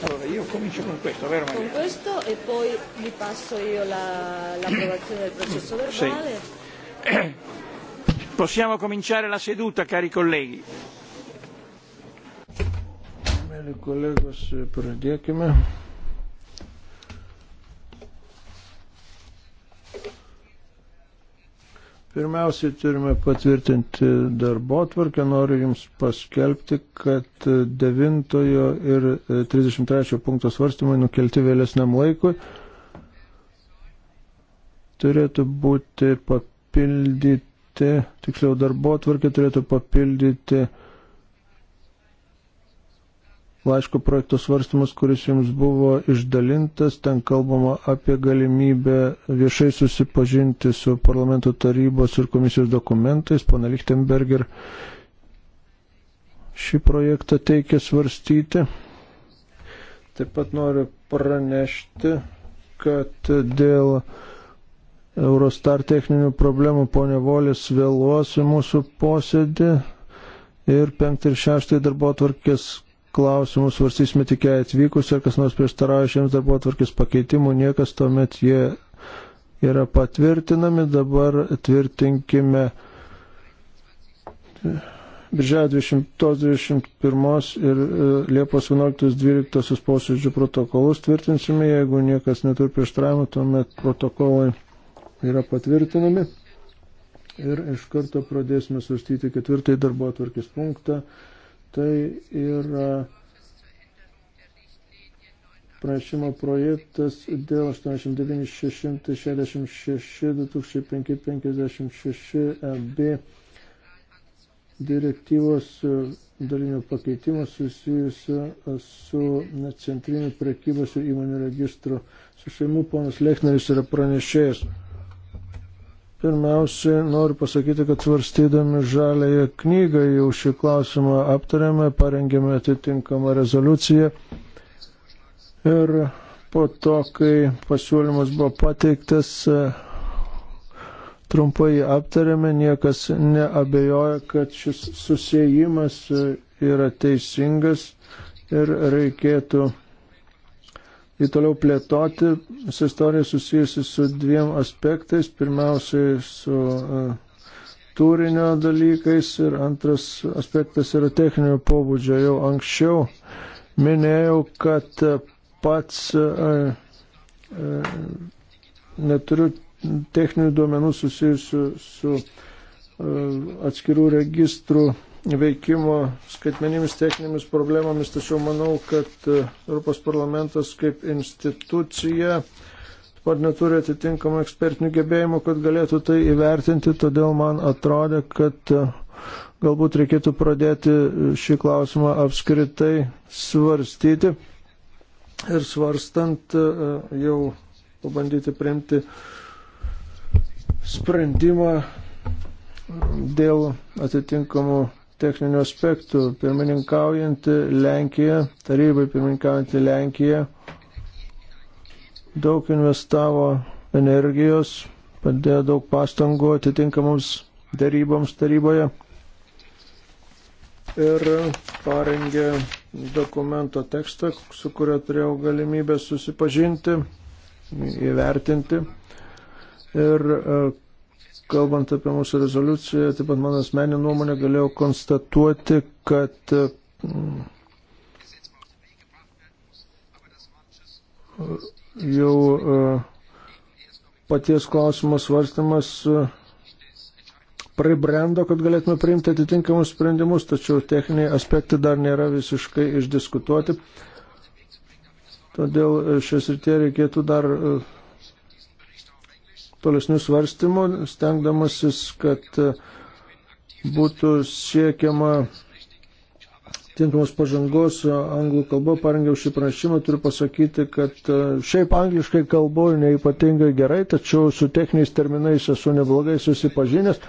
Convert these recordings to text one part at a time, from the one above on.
Allora, io comincio con questo, vero Maria? Con questo e poi vi passo io la, l'approvazione del processo verbale. Sì. Possiamo cominciare la seduta, cari colleghi. Bene, kolegos, pradėkime. Pirmiausiai turime patvirtinti darbo tvarkę. Noriu Jums paskelbti, kad 9 ir 33 punkto svarstymai nukelti vėlesniam laikui turėtų būti papildyti, tiksliau darbo tvarkė turėtų papildyti laiško projekto svarstymus, kuris jums buvo išdalintas. Ten kalbama apie galimybę viešai susipažinti su parlamento tarybos ir komisijos dokumentais. Pana Lichtenberger šį projektą teikia svarstyti. Taip pat noriu pranešti, kad dėl Eurostar techninių problemų ponė Volis vėluos į mūsų posėdį ir penktą ir šeštą darbo atvarkės klausimus svarstysime tik jai atvykus ir kas nors prieštarauja šiems darbo atvarkės pakeitimų, niekas tuomet jie yra patvirtinami. Dabar tvirtinkime Birželio 20-21 ir e, Liepos 11-12 posėdžių protokolus tvirtinsime, jeigu niekas neturi prieštaravimų, tuomet protokolai yra patvirtinami. Ir iš karto pradėsime svarstyti ketvirtąjį darbo atvarkės punktą. Tai yra pranešimo projektas dėl 896-2056 EB direktyvos dalinio pakeitimo susijusio su centriniu prekybos ir įmonių registru. Su šeimu ponas Lechneris yra pranešėjas. Pirmiausia, noriu pasakyti, kad svarstydami žalėje knygą jau šį klausimą aptarėme, parengėme atitinkamą rezoliuciją. Ir po to, kai pasiūlymas buvo pateiktas, trumpai aptarėme, niekas neabejoja, kad šis susijimas yra teisingas ir reikėtų jį toliau plėtoti. Visa istorija susijusi su dviem aspektais. Pirmiausiai su e, turinio dalykais ir antras aspektas yra techninio pobūdžio. Jau anksčiau minėjau, kad pats e, e, neturiu techninių duomenų susijusių su atskirų registrų veikimo skaitmenimis techninėmis problemomis, tačiau manau, kad e, Europos parlamentas kaip institucija pat neturi atitinkamų ekspertinių gebėjimų, kad galėtų tai įvertinti, todėl man atrodė, kad e, galbūt reikėtų pradėti šį klausimą apskritai svarstyti ir svarstant e, jau pabandyti priimti sprendimą dėl atitinkamų techninių aspektų. Pirmininkaujantį Lenkiją, tarybai pirmininkaujantį Lenkiją daug investavo energijos, padėjo daug pastangų atitinkamoms daryboms taryboje ir parengė dokumento tekstą, su kurio turėjau galimybę susipažinti, įvertinti ir e, kalbant apie mūsų rezoliuciją, taip pat mano asmeninė nuomonė galėjau konstatuoti, kad mm, jau e, paties klausimas svarstymas e, pribrendo, kad galėtume priimti atitinkamus sprendimus, tačiau techniniai aspektai dar nėra visiškai išdiskutuoti. Todėl e, šios rytie reikėtų dar tolesnių svarstymų, stengdamasis, kad e, būtų siekiama tinkamos pažangos e, anglų kalba, parengiau šį pranešimą, turiu pasakyti, kad e, šiaip angliškai kalbu neipatingai gerai, tačiau su techniniais terminais esu neblogai susipažinęs.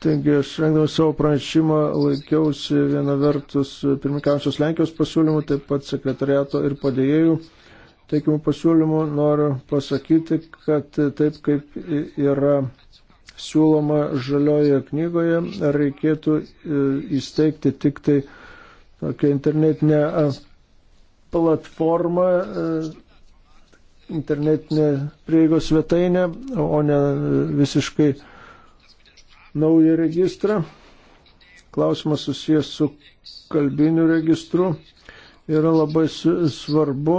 Taigi aš rengdamas savo pranešimą laikiausi viena vertus pirmininkiausios Lenkijos pasiūlymų, taip pat sekretariato ir padėjėjų teikimų pasiūlymų noriu pasakyti, kad taip kaip yra siūloma žaliojoje knygoje, reikėtų e, įsteigti tik tai tokią internetinę e, platformą, e, internetinę prieigos svetainę, o ne visiškai naują registrą. Klausimas susijęs su kalbiniu registru yra labai svarbu,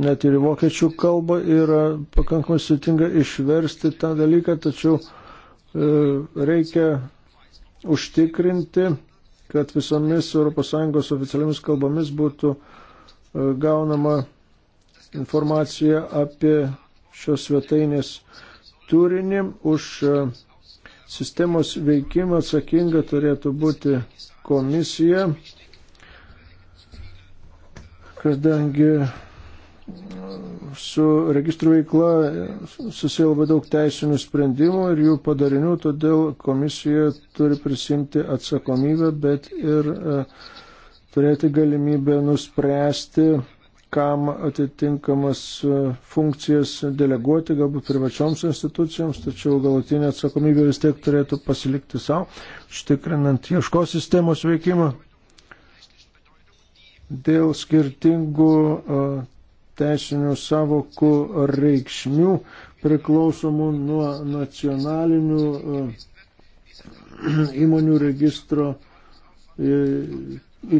net ir vokiečių kalba yra pakankamai sėtinga išversti tą dalyką, tačiau e, reikia užtikrinti, kad visomis ES oficialiomis kalbomis būtų e, gaunama informacija apie šios svetainės turinį. Už e, sistemos veikimą atsakinga turėtų būti komisija kadangi su registrų veikla susiję labai daug teisinių sprendimų ir jų padarinių, todėl komisija turi prisimti atsakomybę, bet ir e, turėti galimybę nuspręsti, kam atitinkamas e, funkcijas deleguoti, galbūt privačioms institucijoms, tačiau galutinė atsakomybė vis tiek turėtų pasilikti savo, štikrinant ieškos sistemos veikimą dėl skirtingų teisinių savokų reikšmių priklausomų nuo nacionalinių įmonių registro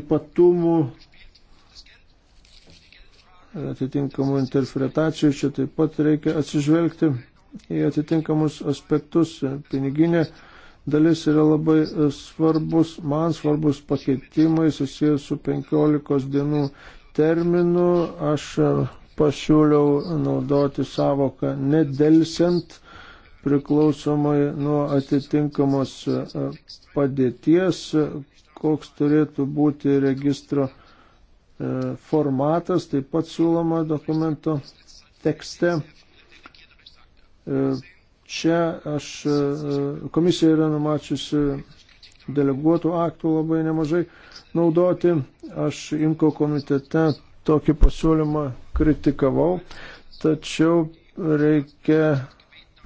ypatumų atitinkamų interpretacijų. Čia taip pat reikia atsižvelgti į atitinkamus aspektus. Piniginė dalis yra labai e, svarbus, man svarbus pakeitimai susijęs su 15 dienų terminu. Aš e, pasiūliau naudoti savoką nedelsiant priklausomai nuo atitinkamos e, padėties, koks turėtų būti registro formatas, taip pat siūloma dokumento tekste. Čia aš, e, komisija yra numačiusi deleguotų aktų labai nemažai naudoti. Aš Imko komitete tokį pasiūlymą kritikavau, tačiau reikia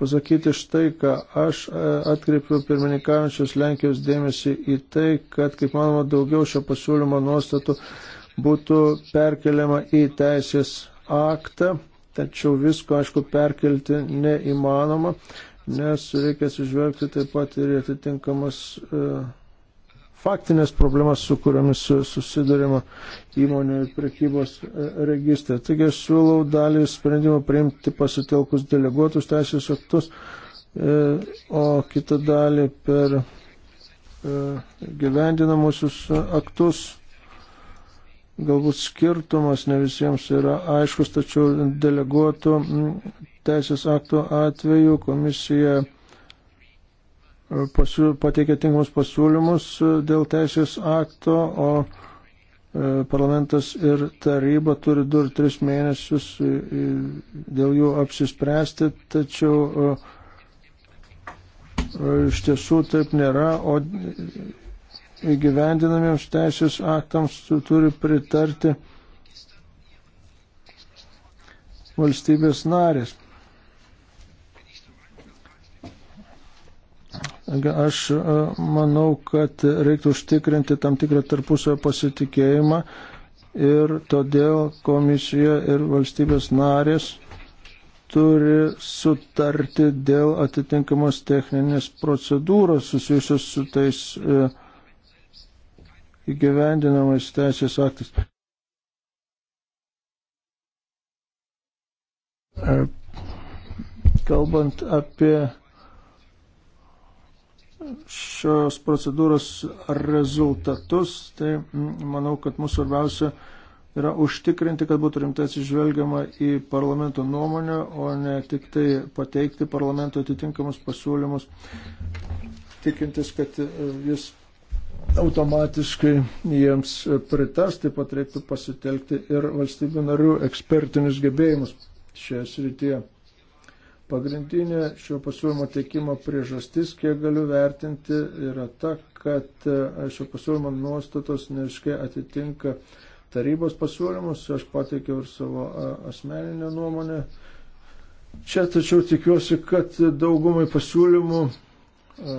pasakyti štai, ką aš e, atkreipiu pirmininkaujančios Lenkijos dėmesį į tai, kad, kaip manoma, daugiau šio pasiūlymo nuostatų būtų perkeliama į teisės aktą tačiau visko, aišku, perkelti neįmanoma, nes reikia sužvelgti taip pat ir atitinkamas e, faktinės problemas, su kuriamis susidurima įmonių ir prekybos e, registrė. Taigi aš siūlau dalį sprendimą priimti pasitelkus deleguotus teisės aktus, e, o kitą dalį per gyvendinamusius aktus galbūt skirtumas ne visiems yra aiškus, tačiau deleguotų teisės aktų atveju komisija e, pateikė tinkamus pasiūlymus e, dėl teisės akto, o e, parlamentas ir taryba turi 2-3 mėnesius dėl jų apsispręsti, tačiau iš tiesų taip nėra, o įgyvendinamiems teisės aktams turi pritarti valstybės narės. Aš e, manau, kad reiktų užtikrinti tam tikrą tarpusio pasitikėjimą ir todėl komisija ir valstybės narės turi sutarti dėl atitinkamos techninės procedūros susijusios su tais e, įgyvendinamais teisės aktais. E, kalbant apie šios procedūros rezultatus, tai manau, kad mūsų svarbiausia yra užtikrinti, kad būtų rimtai atsižvelgiama į parlamento nuomonę, o ne tik tai pateikti parlamento atitinkamus pasiūlymus, tikintis, kad e, jis automatiškai jiems pritars, taip pat reiktų pasitelkti ir valstybių narių ekspertinius gebėjimus šioje srityje. Pagrindinė šio pasiūlymo teikimo priežastis, kiek galiu vertinti, yra ta, kad e, šio pasiūlymo nuostatos neiškai atitinka tarybos pasiūlymus, aš pateikiau ir savo e, asmeninę nuomonę. Čia tačiau tikiuosi, kad daugumai pasiūlymų e,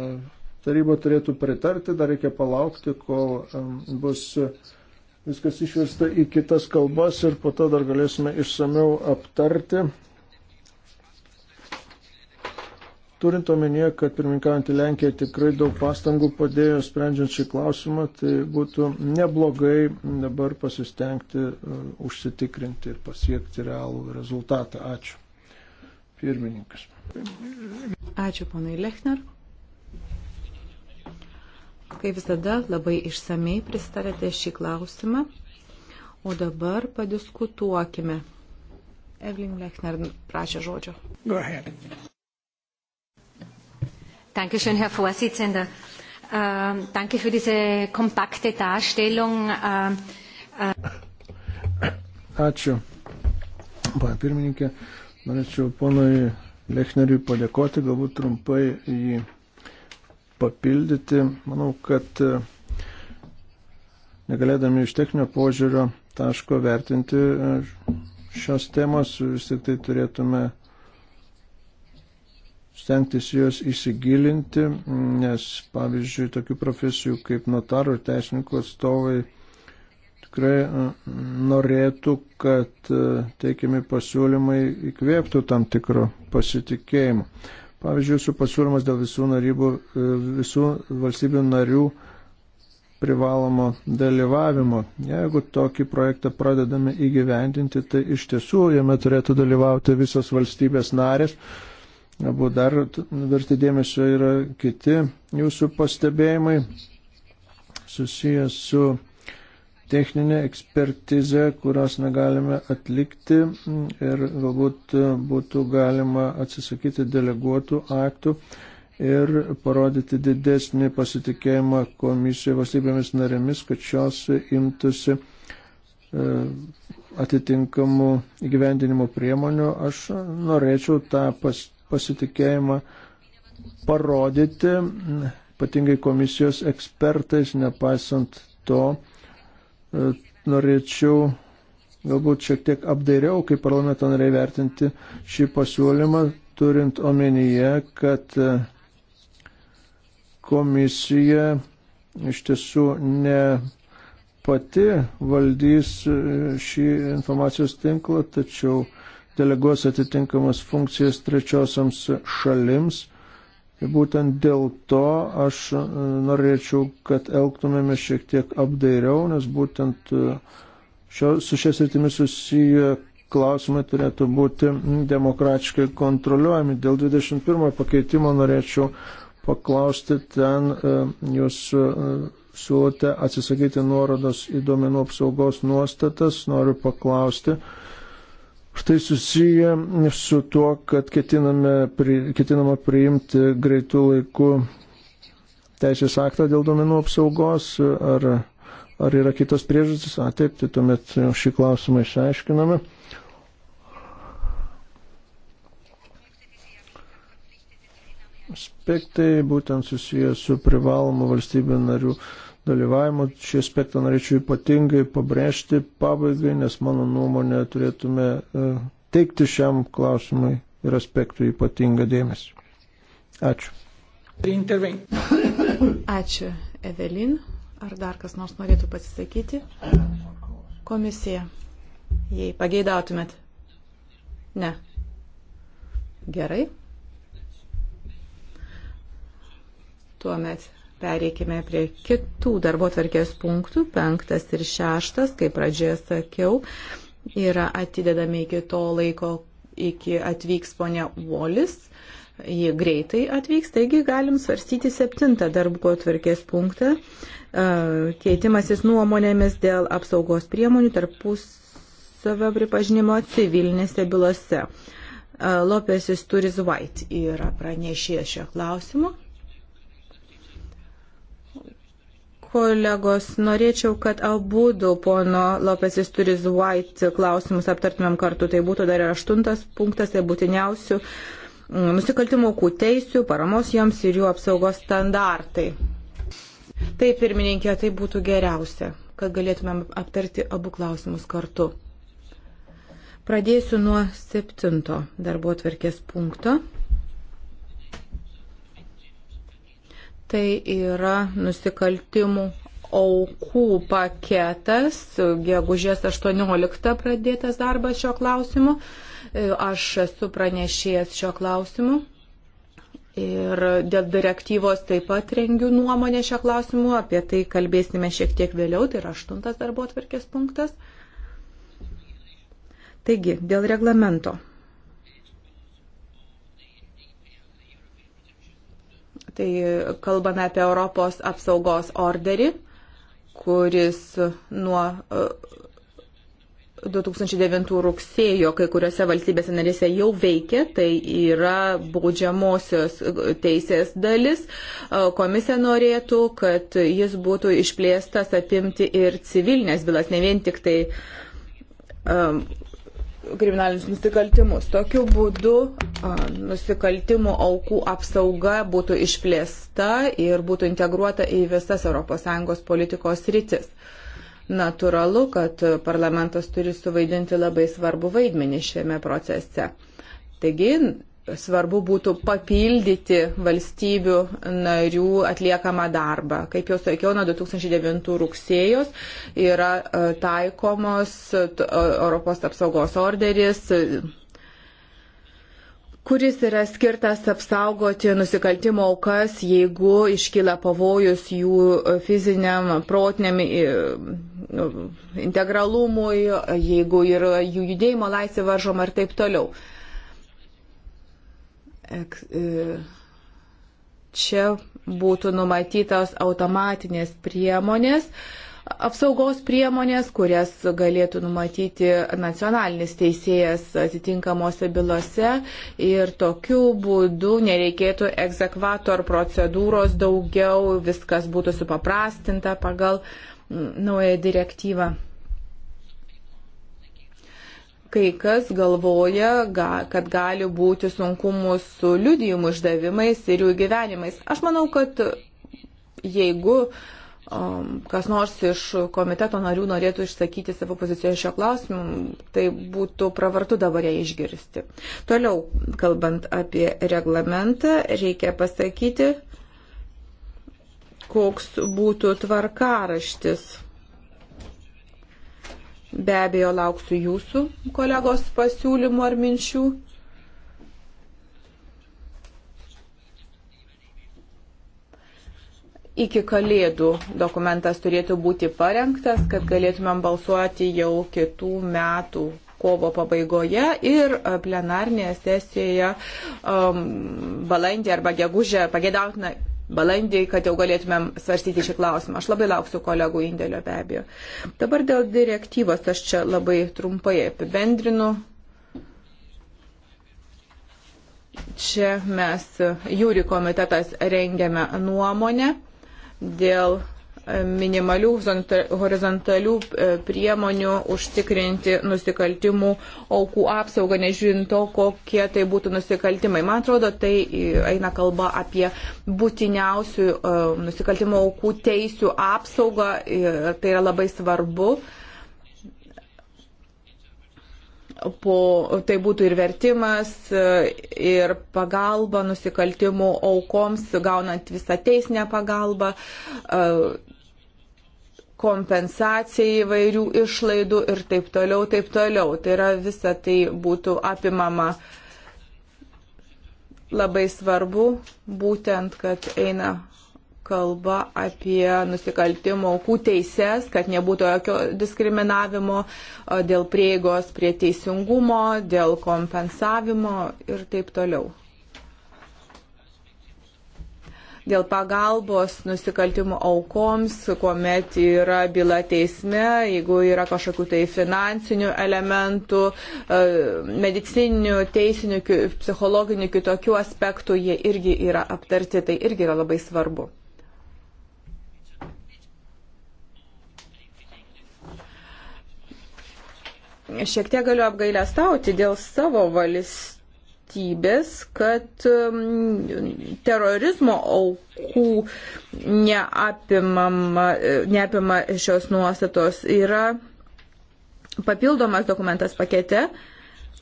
taryba turėtų pritarti, dar reikia palaukti, kol bus e, viskas išversta į kitas kalbas ir po to dar galėsime išsameu aptarti. Turint omenyje, kad pirmininkaujantį Lenkiją tikrai daug pastangų padėjo sprendžiant šį klausimą, tai būtų neblogai dabar pasistengti uh, užsitikrinti ir pasiekti realų rezultatą. Ačiū. Pirmininkas. Ačiū, ponai Lechner kaip visada, labai išsamei pristatėte šį klausimą. O dabar padiskutuokime. Evelyn Lechner prašė žodžio. Go ahead. Dankeschön, Herr Vorsitzender. Uh, danke für diese kompakte Darstellung. Uh, uh. Ačiū, pana pirmininkė. Norėčiau ponui Lechneriui padėkoti, galbūt trumpai jį papildyti. Manau, kad e, negalėdami iš techninio požiūrio taško vertinti e, šios temos, vis tik tai turėtume stengtis juos įsigilinti, nes pavyzdžiui, tokių profesijų kaip notarų ir teisininkų atstovai tikrai e, norėtų, kad teikiami pasiūlymai įkvėptų tam tikro pasitikėjimo. Pavyzdžiui, jūsų pasiūlymas dėl visų, narybų, e, visų valstybių narių privalomo dalyvavimo. Jeigu tokį projektą pradedame įgyvendinti, tai iš tiesų jame turėtų dalyvauti visos valstybės narės. Abu dar verti dėmesio yra kiti jūsų pastebėjimai susijęs su techninė ekspertizė, kurios negalime atlikti ir galbūt būtų galima atsisakyti deleguotų aktų ir parodyti didesnį pasitikėjimą komisijoje valstybėmis narėmis, kad šios imtųsi e, atitinkamų įgyvendinimo priemonių. Aš norėčiau tą pas, pasitikėjimą parodyti, ypatingai komisijos ekspertais, nepaisant to, E, norėčiau galbūt šiek tiek apdairiau, kaip parlamento nariai vertinti šį pasiūlymą, turint omenyje, kad e, komisija iš tiesų ne pati valdys e, šį informacijos tinklą, tačiau deleguos atitinkamas funkcijas trečiosiams šalims Ir būtent dėl to aš e, norėčiau, kad elgtumėme šiek tiek apdairiau, nes būtent e, šio, su šias rytimis susiję klausimai turėtų būti demokratiškai kontroliuojami. Dėl 21 pakeitimo norėčiau paklausti, ten e, jūs siūlote atsisakyti nuorodos į duomenų apsaugos nuostatas. Noriu paklausti, Štai susiję su tuo, kad pri, ketinama priimti greitų laikų teisės aktą dėl domenų apsaugos, ar, ar yra kitos priežastys, a taip, tai tuomet šį klausimą išaiškiname. Aspektai būtent susiję su privalomu valstybių narių dalyvavimu. Šį aspektą norėčiau ypatingai pabrėžti pabaigai, nes mano nuomonė turėtume e, teikti šiam klausimui ir aspektui ypatingą dėmesį. Ačiū. Ačiū, Evelin. Ar dar kas nors norėtų pasisakyti? Komisija, jei pageidautumėt. Ne. Gerai. Tuomet Pereikime prie kitų darbo tvarkės punktų, penktas ir šeštas, kaip pradžioje sakiau, yra atidedami iki to laiko, iki atvyks ponia Volis. Ji greitai atvyks, taigi galim svarstyti septintą darbo tvarkės punktą, e, keitimasis nuomonėmis dėl apsaugos priemonių tarpusavio pripažinimo civilinėse bylose. E, Lopesis Turis White yra pranešėjęs šio klausimu. kolegos, norėčiau, kad abu du pono Lopesis turi White klausimus aptartumėm kartu. Tai būtų dar ir aštuntas punktas, tai būtiniausių mm, nusikaltimų aukų teisių, paramos joms ir jų apsaugos standartai. Tai pirmininkė, tai būtų geriausia, kad galėtumėm aptarti abu klausimus kartu. Pradėsiu nuo septinto darbo atverkės punkto. Tai yra nusikaltimų aukų paketas, gegužės 18 pradėtas darbas šio klausimu. E, aš esu pranešėjęs šio klausimu. Ir dėl direktyvos taip pat rengiu nuomonę šio klausimu, apie tai kalbėsime šiek tiek vėliau, tai yra aštuntas darbo atvarkės punktas. Taigi, dėl reglamento. Tai kalbame apie Europos apsaugos orderį, kuris nuo 2009 e, rugsėjo kai kuriuose valstybėse narėse jau veikia, tai yra baudžiamosios teisės dalis. E, komisija norėtų, kad jis būtų išplėstas apimti ir civilinės bylas, ne vien tik tai um, kriminalinius nusikaltimus. Tokiu būdu nusikaltimų aukų apsauga būtų išplėsta ir būtų integruota į visas ES politikos rytis. Naturalu, kad parlamentas turi suvaidinti labai svarbu vaidmenį šiame procese. Taigi, svarbu būtų papildyti valstybių narių atliekamą darbą. Kaip jau sakiau, nuo 2009 rugsėjos yra e, taikomos e, e, Europos apsaugos orderis kuris yra skirtas apsaugoti nusikaltimo aukas, jeigu iškyla pavojus jų fiziniam, protiniam integralumui, jeigu yra jų judėjimo laisvė varžoma ir taip toliau. E, čia būtų numatytos automatinės priemonės, apsaugos priemonės, kurias galėtų numatyti nacionalinis teisėjas atitinkamosi bylose ir tokiu būdu nereikėtų egzekvator procedūros daugiau, viskas būtų supaprastinta pagal naują direktyvą kai kas galvoja, kad gali būti sunkumų su liudijimų išdavimais ir jų gyvenimais. Aš manau, kad jeigu um, kas nors iš komiteto narių norėtų išsakyti savo poziciją šio klausimu, tai būtų pravartu dabar ją išgirsti. Toliau, kalbant apie reglamentą, reikia pasakyti, koks būtų tvarkaraštis Be abejo, lauksiu jūsų kolegos pasiūlymų ar minčių. Iki kalėdų dokumentas turėtų būti parengtas, kad galėtumėm balsuoti jau kitų metų kovo pabaigoje ir e, plenarnėje sesijoje um, balandį arba gegužę pagėdautina balandį, kad jau galėtumėm svarstyti šį klausimą. Aš labai lauksiu kolegų indėlio be abejo. Dabar dėl direktyvos aš čia labai trumpai apibendrinu. Čia mes, jūri komitetas, rengiame nuomonę dėl minimalių horizontalių e, priemonių užtikrinti nusikaltimų aukų apsaugą, nežiūrint to, kokie tai būtų nusikaltimai. Man atrodo, tai eina kalba apie būtiniausių e, nusikaltimų aukų teisių apsaugą. E, tai yra labai svarbu po, tai būtų ir vertimas, ir pagalba nusikaltimų aukoms, gaunant visą teisinę pagalbą, kompensacijai įvairių išlaidų ir taip toliau, taip toliau. Tai yra visa tai būtų apimama labai svarbu, būtent, kad eina kalba apie nusikaltimo aukų teises, kad nebūtų jokio diskriminavimo dėl prieigos prie teisingumo, dėl kompensavimo ir taip toliau dėl pagalbos nusikaltimų aukoms, kuomet yra byla teisme, jeigu yra kažkokių tai finansinių elementų, e, medicininių, teisinių, psichologinių, kitokių aspektų, jie irgi yra aptarti, tai irgi yra labai svarbu. šiek tiek galiu apgailę stauti dėl savo valstybės valstybės, kad um, terorizmo aukų neapima šios nuostatos. Yra papildomas dokumentas pakete,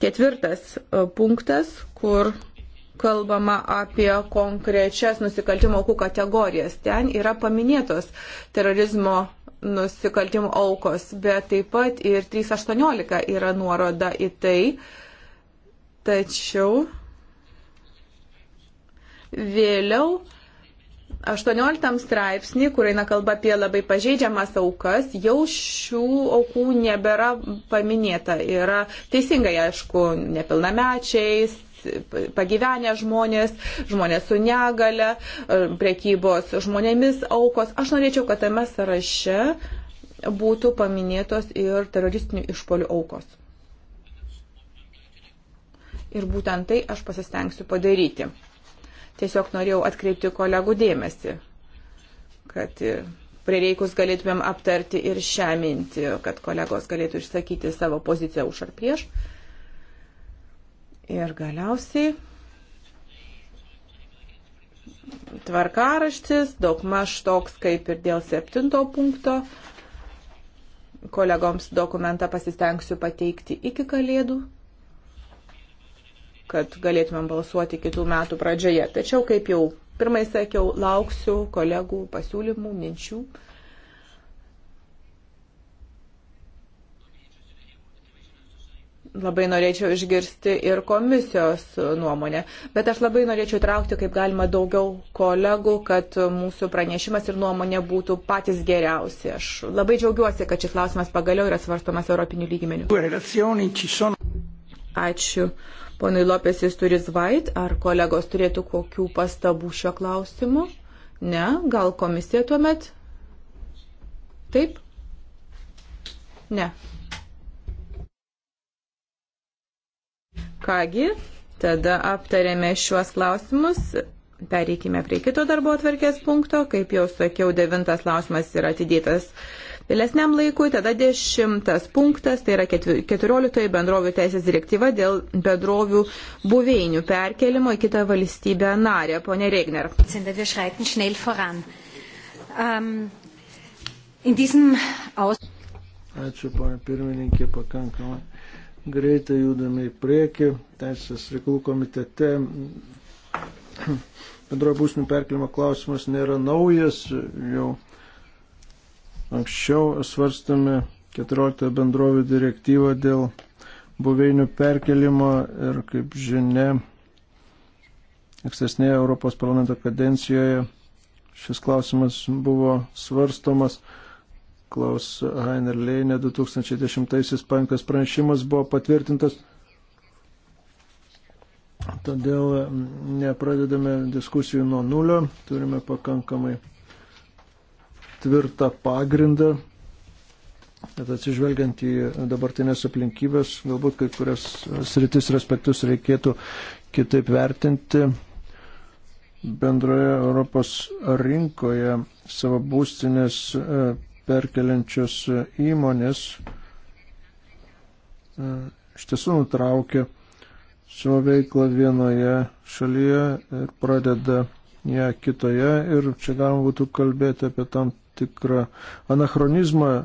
ketvirtas e, punktas, kur kalbama apie konkrečias nusikaltimo aukų kategorijas. Ten yra paminėtos terorizmo nusikaltimų aukos, bet taip pat ir 318 yra nuoroda į tai, Tačiau vėliau 18 straipsnį, kur eina kalba apie labai pažeidžiamas aukas, jau šių aukų nebėra paminėta. Yra teisingai, aišku, nepilnamečiais, pagyvenę žmonės, žmonės su negale, prekybos žmonėmis aukos. Aš norėčiau, kad tame sąraše būtų paminėtos ir teroristinių išpolių aukos ir būtent tai aš pasistengsiu padaryti. Tiesiog norėjau atkreipti kolegų dėmesį, kad prireikus galėtumėm aptarti ir šią mintį, kad kolegos galėtų išsakyti savo poziciją už ar prieš. Ir galiausiai tvarkaraštis, daugmaž toks kaip ir dėl septinto punkto. Kolegoms dokumentą pasistengsiu pateikti iki kalėdų kad galėtumėm balsuoti kitų metų pradžioje. Tačiau, kaip jau pirmai sakiau, lauksiu kolegų pasiūlymų, minčių. labai norėčiau išgirsti ir komisijos nuomonę. Bet aš labai norėčiau traukti kaip galima daugiau kolegų, kad mūsų pranešimas ir nuomonė būtų patys geriausi. Aš labai džiaugiuosi, kad šis klausimas pagaliau yra svarstomas Europinių lygmenių. Ačiū Ponai Lopesis turi zvait, ar kolegos turėtų kokių pastabų šio klausimu? Ne, gal komisija tuomet? Taip? Ne. Kągi, tada aptarėme šiuos klausimus. Pereikime prie kito darbo atvarkės punkto. Kaip jau sakiau, devintas klausimas yra atidėtas vėlesniam laikui. Tada dešimtas punktas, tai yra keturioliktoji bendrovių teisės direktyva dėl bendrovių buveinių perkelimo į kitą valstybę narę. Pone Regner. Ähm, Ačiū, pana pirmininkė, pakankamai greitai judame į priekį. Teisės reikalų komitete bendrojo būsnių perkelimo klausimas nėra naujas, jau Anksčiau svarstame 14 bendrovių direktyvą dėl buveinių perkelimo ir, kaip žinia, ankstesnėje Europos parlamento kadencijoje šis klausimas buvo svarstomas. Klaus Heiner Leinė 2010-aisiais penktas pranešimas buvo patvirtintas. Todėl mm, nepradedame diskusijų nuo nulio, turime pakankamai tvirtą pagrindą, bet atsižvelgiant į dabartinės aplinkybės, galbūt kai kurias sritis ir aspektus reikėtų kitaip vertinti bendroje Europos rinkoje savo būstinės e, perkeliančios e, įmonės e, iš tiesų nutraukia savo veiklą vienoje šalyje ir pradeda ją ja, kitoje ir čia galima būtų kalbėti apie tam tikrą anachronizmą e,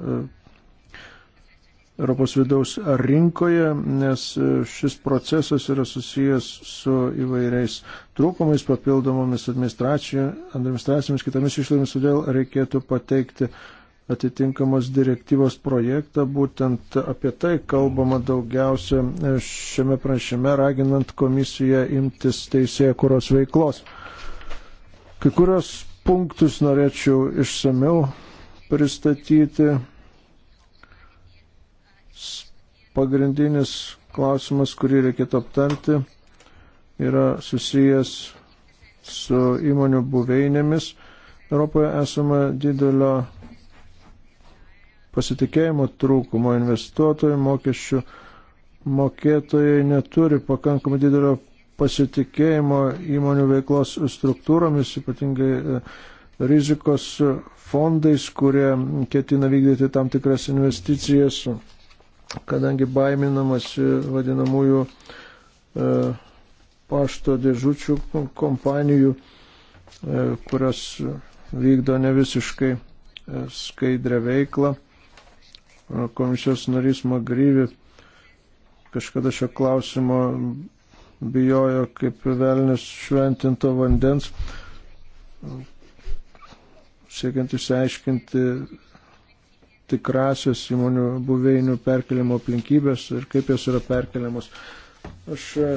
Europos vidaus rinkoje, nes e, šis procesas yra susijęs su įvairiais trūkumais, papildomomis administracijomis, kitomis išlaidomis, todėl reikėtų pateikti atitinkamos direktyvos projektą, būtent apie tai kalbama daugiausia e, šiame pranešime, raginant komisiją imtis teisėje kuros veiklos. Kai kurios punktus norėčiau išsameu pristatyti. Pagrindinis klausimas, kurį reikėtų aptarti, yra susijęs su įmonių buveinėmis. Europoje esama didelio pasitikėjimo trūkumo investuotojų mokesčių mokėtojai neturi pakankamai didelio pasitikėjimo įmonių veiklos struktūromis, ypatingai e, rizikos fondais, kurie ketina vykdyti tam tikras investicijas, kadangi baiminamasi vadinamųjų e, pašto dėžučių kompanijų, e, kurios vykdo ne visiškai skaidrę veiklą. Komisijos narys Magryvi kažkada šio klausimo bijojo kaip velnis šventinto vandens, siekiant išsiaiškinti tikrasias įmonių buveinių perkeliamo aplinkybės ir kaip jos yra perkeliamos. Aš e,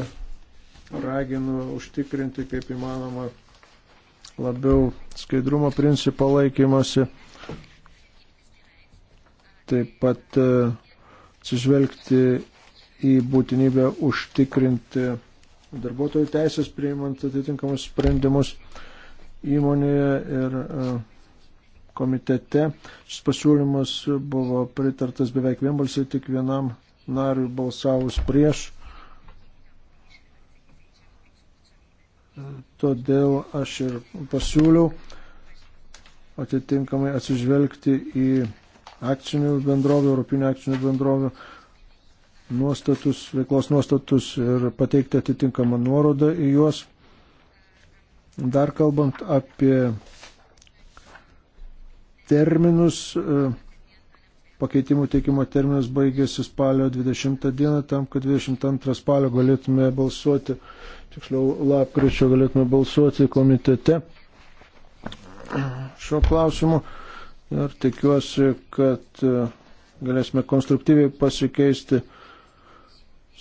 raginu užtikrinti kaip įmanoma labiau skaidrumo principą laikymasi, taip pat e, atsižvelgti į būtinybę užtikrinti darbuotojų teisės priimant atitinkamus sprendimus įmonėje ir e, komitete. Šis pasiūlymas buvo pritartas beveik vienbalsiai, tik vienam nariui balsavus prieš. Todėl aš ir pasiūliau atitinkamai atsižvelgti į akcinių bendrovių, europinių akcinių bendrovių nuostatus, veiklos nuostatus ir pateikti atitinkamą nuorodą į juos. Dar kalbant apie terminus, e, pakeitimų teikimo terminas baigėsi spalio 20 dieną, tam, kad 22 spalio galėtume balsuoti, tiksliau lapkričio galėtume balsuoti komitete šiuo klausimu. Ir tikiuosi, kad e, galėsime konstruktyviai pasikeisti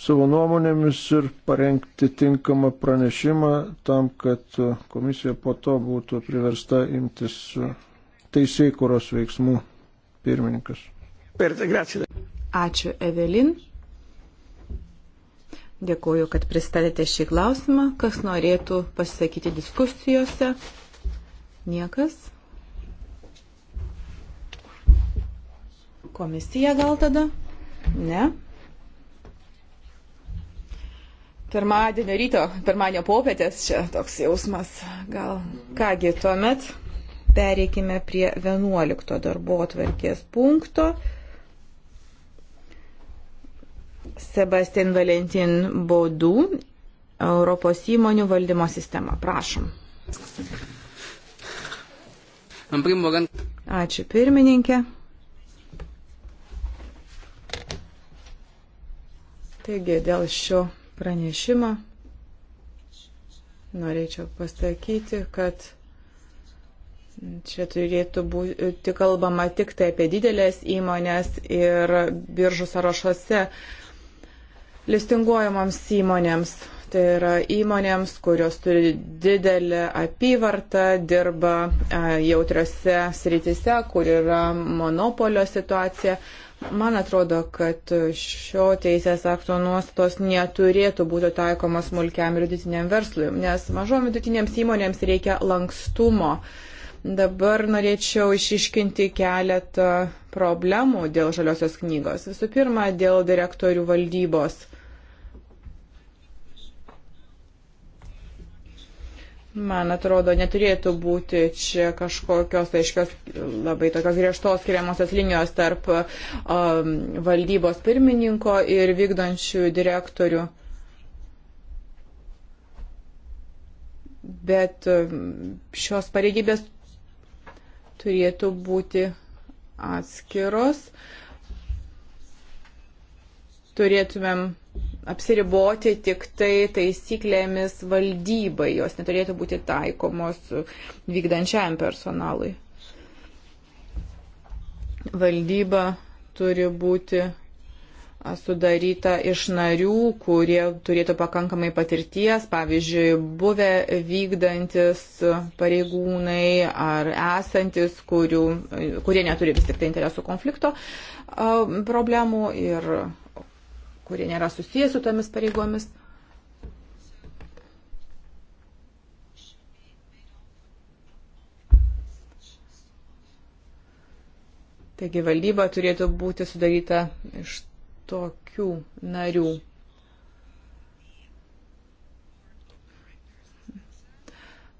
savo nuomonėmis ir parengti tinkamą pranešimą tam, kad komisija po to būtų priversta imtis teisėjų kuros veiksmų pirmininkas. Ačiū, Evelin. Dėkuoju, kad pristatėte šį klausimą. Kas norėtų pasisakyti diskusijose? Niekas. Komisija gal tada? Ne pirmadienio ryto, pirmadienio popietės čia toks jausmas. Gal kągi tuomet pereikime prie 11 darbo atvarkės punkto. Sebastian Valentin Baudų, Europos įmonių valdymo sistema. Prašom. Ačiū pirmininkė. Taigi dėl šio pranešimą, norėčiau pasakyti, kad čia turėtų būti kalbama tik tai apie didelės įmonės ir biržų sąrašuose listinguojamoms įmonėms. Tai yra įmonėms, kurios turi didelę apyvartą, dirba e, jautriose sritise, kur yra monopolio situacija. Man atrodo, kad šio teisės akto nuostos neturėtų būti taikomas smulkiam ir vidutiniam verslui, nes mažom vidutinėms įmonėms reikia lankstumo. Dabar norėčiau išiškinti keletą problemų dėl žaliosios knygos. Visų pirma, dėl direktorių valdybos. Man atrodo, neturėtų būti čia kažkokios aiškios labai tokios griežtos skiriamosios linijos tarp um, valdybos pirmininko ir vykdančių direktorių. Bet um, šios pareigybės turėtų būti atskiros. Turėtumėm apsiriboti tik tai taisyklėmis valdybai, jos neturėtų būti taikomos vykdančiam personalui. Valdyba turi būti sudaryta iš narių, kurie turėtų pakankamai patirties, pavyzdžiui, buvę vykdantis pareigūnai ar esantis, kurių, kurie neturi vis tik tai interesų konflikto problemų ir kurie nėra susijęs su tomis pareigomis. Taigi valdyba turėtų būti sudaryta iš tokių narių.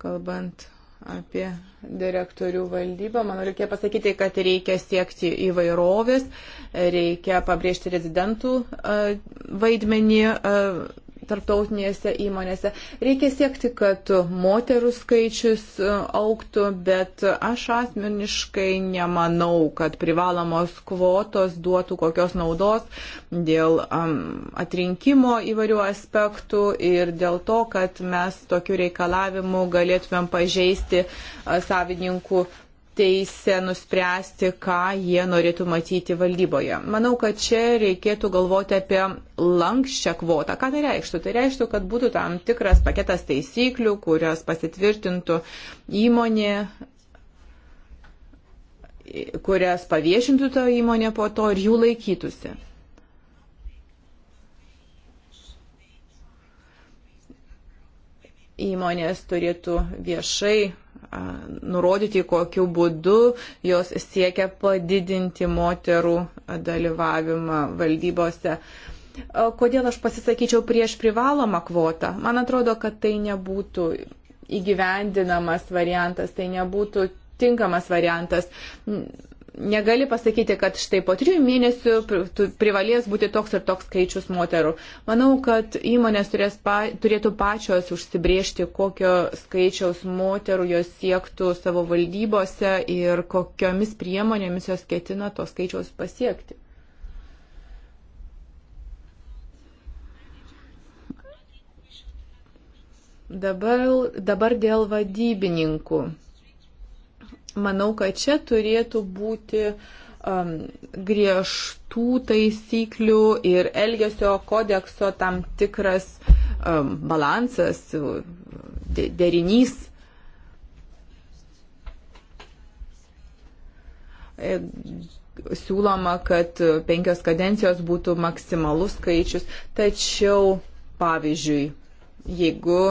Kalbant apie direktorių valdybą. Manau, reikia pasakyti, kad reikia siekti įvairovės, reikia pabrėžti rezidentų vaidmenį tarptautinėse įmonėse. Reikia siekti, kad moterų skaičius e, auktų, bet aš asmeniškai nemanau, kad privalomos kvotos duotų kokios naudos dėl um, atrinkimo įvairių aspektų ir dėl to, kad mes tokiu reikalavimu galėtumėm pažeisti uh, savininkų teisę nuspręsti, ką jie norėtų matyti valdyboje. Manau, kad čia reikėtų galvoti apie lankščią kvotą. Ką tai reikštų? Tai reikštų, kad būtų tam tikras paketas taisyklių, kurios pasitvirtintų įmonė kurias paviešintų ta įmonė po to ir jų laikytųsi. Įmonės turėtų viešai nurodyti, kokiu būdu jos siekia padidinti moterų dalyvavimą valdybose. Kodėl aš pasisakyčiau prieš privalomą kvotą? Man atrodo, kad tai nebūtų įgyvendinamas variantas, tai nebūtų tinkamas variantas negali pasakyti, kad štai po trijų mėnesių privalės būti toks ir toks skaičius moterų. Manau, kad įmonės turės, pa, turėtų pačios užsibriežti, kokio skaičiaus moterų jos siektų savo valdybose ir kokiomis priemonėmis jos ketina to skaičiaus pasiekti. Dabar, dabar dėl vadybininkų. Manau, kad čia turėtų būti um, griežtų taisyklių ir elgesio kodekso tam tikras um, balansas, de derinys. E, siūloma, kad penkios kadencijos būtų maksimalus skaičius. Tačiau, pavyzdžiui, jeigu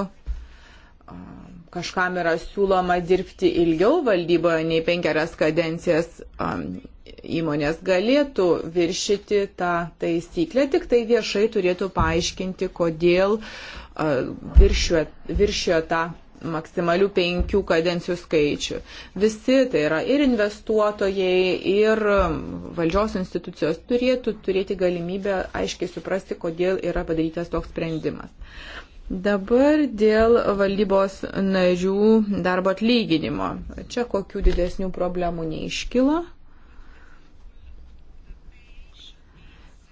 kažkam yra siūloma dirbti ilgiau valdyboje nei penkerias kadencijas, įmonės galėtų viršyti tą taisyklę, tik tai viešai turėtų paaiškinti, kodėl viršio, viršio tą maksimalių penkių kadencijų skaičių. Visi, tai yra ir investuotojai, ir valdžios institucijos turėtų turėti galimybę aiškiai suprasti, kodėl yra padarytas toks sprendimas. Dabar dėl valdybos narių darbo atlyginimo. Čia kokių didesnių problemų neiškilo.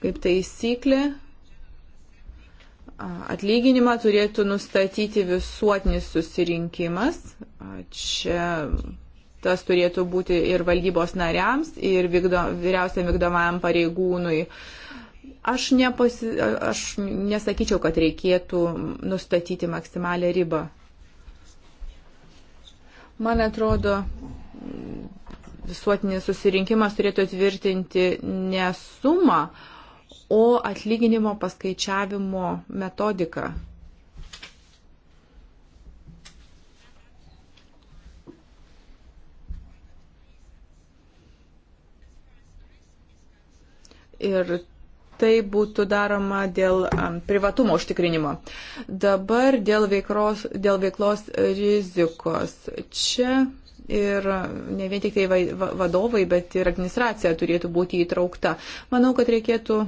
Kaip taisyklė, atlyginimą turėtų nustatyti visuotinis susirinkimas. Čia tas turėtų būti ir valdybos nariams, ir vykdo, vyriausiam vykdomajam pareigūnui uh, Aš, nepasi, aš nesakyčiau, kad reikėtų nustatyti maksimalę ribą. Man atrodo, visuotinis susirinkimas turėtų tvirtinti ne sumą, o atlyginimo paskaičiavimo metodiką. Ir tai būtų daroma dėl privatumo užtikrinimo. Dabar dėl, veikros, dėl veiklos rizikos. Čia ir ne vien tik tai vadovai, bet ir administracija turėtų būti įtraukta. Manau, kad reikėtų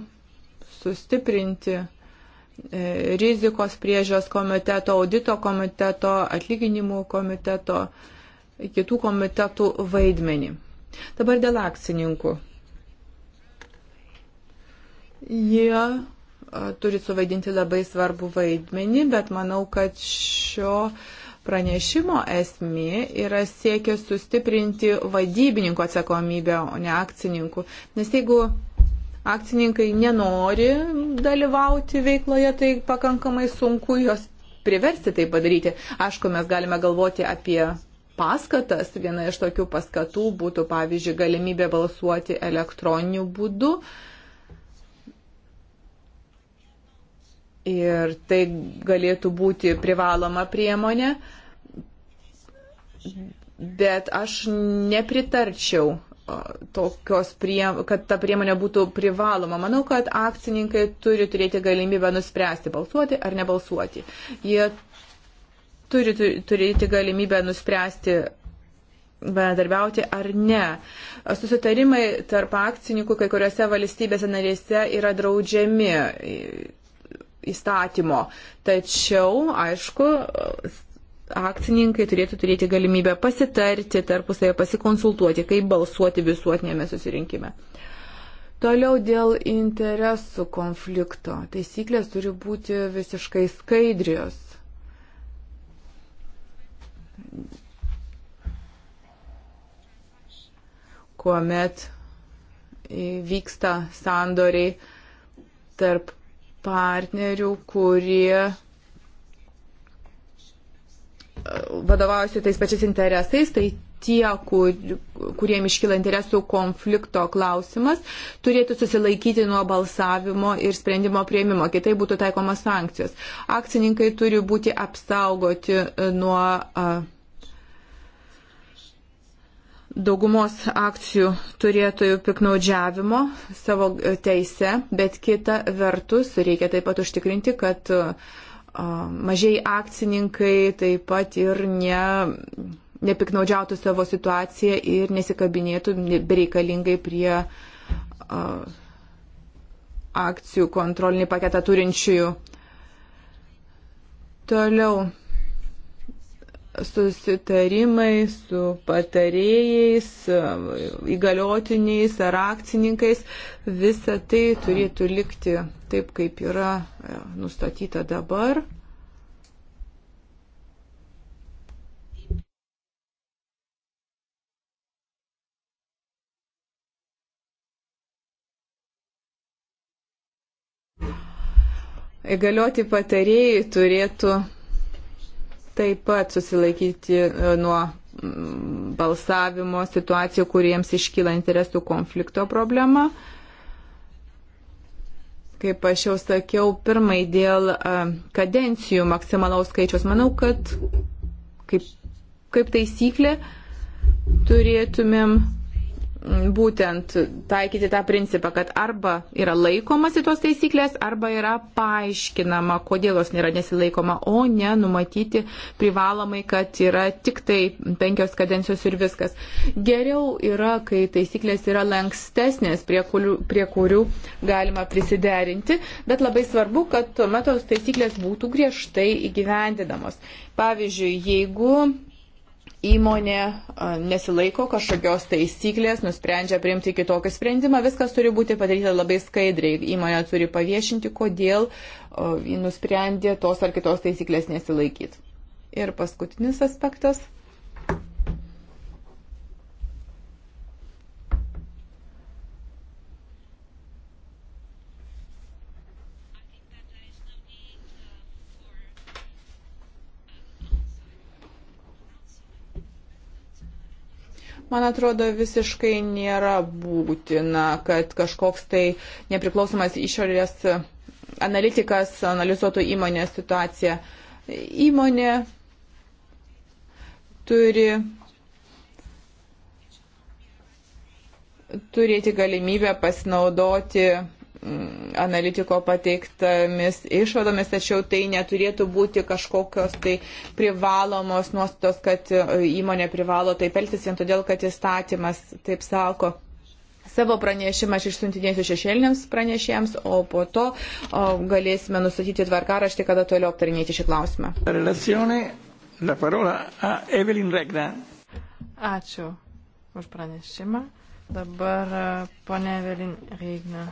sustiprinti e, rizikos priežios komiteto, audito komiteto, atlyginimų komiteto, kitų komitetų vaidmenį. Dabar dėl akcininkų Jie turi suvaidinti labai svarbų vaidmenį, bet manau, kad šio pranešimo esmė yra siekia sustiprinti vadybininko atsakomybę, o ne akcininkų. Nes jeigu akcininkai nenori dalyvauti veikloje, tai pakankamai sunku juos priversti tai padaryti. Aišku, mes galime galvoti apie paskatas. Viena iš tokių paskatų būtų, pavyzdžiui, galimybė balsuoti elektroniniu būdu. Uh, ir tai galėtų būti privaloma priemonė, bet aš nepritarčiau tokios prie, kad ta priemonė būtų privaloma. Manau, kad akcininkai turi turėti galimybę nuspręsti balsuoti ar nebalsuoti. Jie turi turėti galimybę nuspręsti bendarbiauti ar ne. Susitarimai tarp akcininkų kai kuriuose valstybėse narėse yra draudžiami įstatymo. Tačiau, aišku, akcininkai turėtų turėti galimybę pasitarti, tarpusavėje pasikonsultuoti, kaip balsuoti visuotinėme susirinkime. Toliau dėl interesų konflikto. Taisyklės turi būti visiškai skaidrios. Kuomet vyksta sandoriai tarp partnerių, kurie e, vadovaujasi tais pačiais interesais, tai tie, kur, kuriem iškyla interesų konflikto klausimas, turėtų susilaikyti nuo balsavimo ir sprendimo prieimimo, kitai būtų taikomas sankcijos. Akcininkai turi būti apsaugoti e, nuo. Uh, daugumos akcijų turėtojų piknaudžiavimo savo e, teise, bet kita vertus reikia taip pat užtikrinti, kad e, mažiai akcininkai taip pat ir ne, nepiknaudžiautų savo situaciją ir nesikabinėtų bereikalingai prie akcijų kontrolinį paketą turinčiųjų. Toliau susitarimai su patarėjais, įgaliotiniais ar akcininkais, visa tai turėtų likti taip, kaip yra e, nustatyta dabar. Įgalioti patarėjai turėtų taip pat susilaikyti e, nuo mm, balsavimo situacijų, kuriems iškyla interesų konflikto problema. Kaip aš jau sakiau, pirmai dėl e, kadencijų maksimalaus skaičiaus, manau, kad kaip, kaip taisyklė turėtumėm būtent taikyti tą principą, kad arba yra laikomasi tos taisyklės, arba yra paaiškinama, kodėl jos nėra nesilaikoma, o ne numatyti privalomai, kad yra tik tai penkios kadencijos ir viskas. Geriau yra, kai taisyklės yra lankstesnės, prie kurių, prie kurių galima prisiderinti, bet labai svarbu, kad tuomet tos taisyklės būtų griežtai įgyvendinamos. Pavyzdžiui, jeigu įmonė nesilaiko kažkokios taisyklės, nusprendžia priimti kitokį sprendimą, viskas turi būti padaryta labai skaidriai. Įmonė turi paviešinti, kodėl nusprendė tos ar kitos taisyklės nesilaikyti. Ir paskutinis aspektas – man atrodo, visiškai nėra būtina, kad kažkoks tai nepriklausomas išorės analitikas analizuotų įmonės situaciją. Įmonė turi turėti galimybę pasinaudoti analitiko pateiktomis išvadomis, tačiau tai neturėtų būti kažkokios tai privalomos nuostatos, kad e, įmonė privalo taip elgtis vien todėl, kad įstatymas taip sako. Savo pranešimą aš išsiuntinėsiu šešėliniams pranešėjams, o po to o, galėsime nustatyti tvarkaraštį, kada toliau aptarinėti šį klausimą. Relacione, la parola a Evelyn Regna. Ačiū už pranešimą. Dabar e, ponė Evelyn Regna.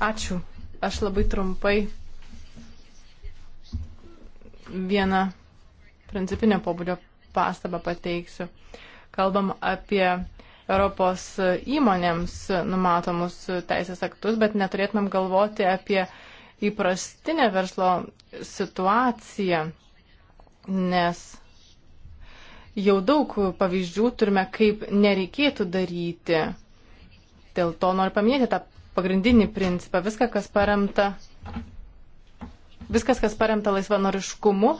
Ačiū. Aš labai trumpai vieną principinio pobūdžio pastabą pateiksiu. Kalbam apie Europos įmonėms numatomus teisės aktus, bet neturėtumėm galvoti apie įprastinę verslo situaciją, nes jau daug pavyzdžių turime, kaip nereikėtų daryti. Dėl to noriu paminėti tą pagrindinį principą. Viską, kas paremta, viskas, kas paremta laisvanoriškumu,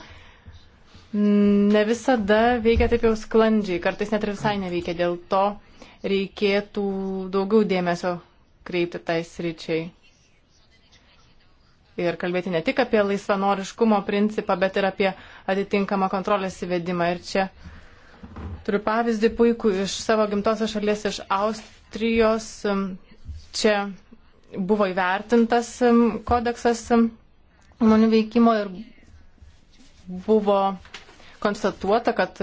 ne visada veikia taip jau sklandžiai, kartais net ir visai neveikia. Dėl to reikėtų daugiau dėmesio kreipti tai sričiai. Ir kalbėti ne tik apie laisvanoriškumo principą, bet ir apie atitinkamą kontrolės įvedimą. Ir čia turiu pavyzdį puikų iš savo gimtosios šalies, iš Austrijos. Um, Čia buvo įvertintas kodeksas žmonių veikimo ir buvo konstatuota, kad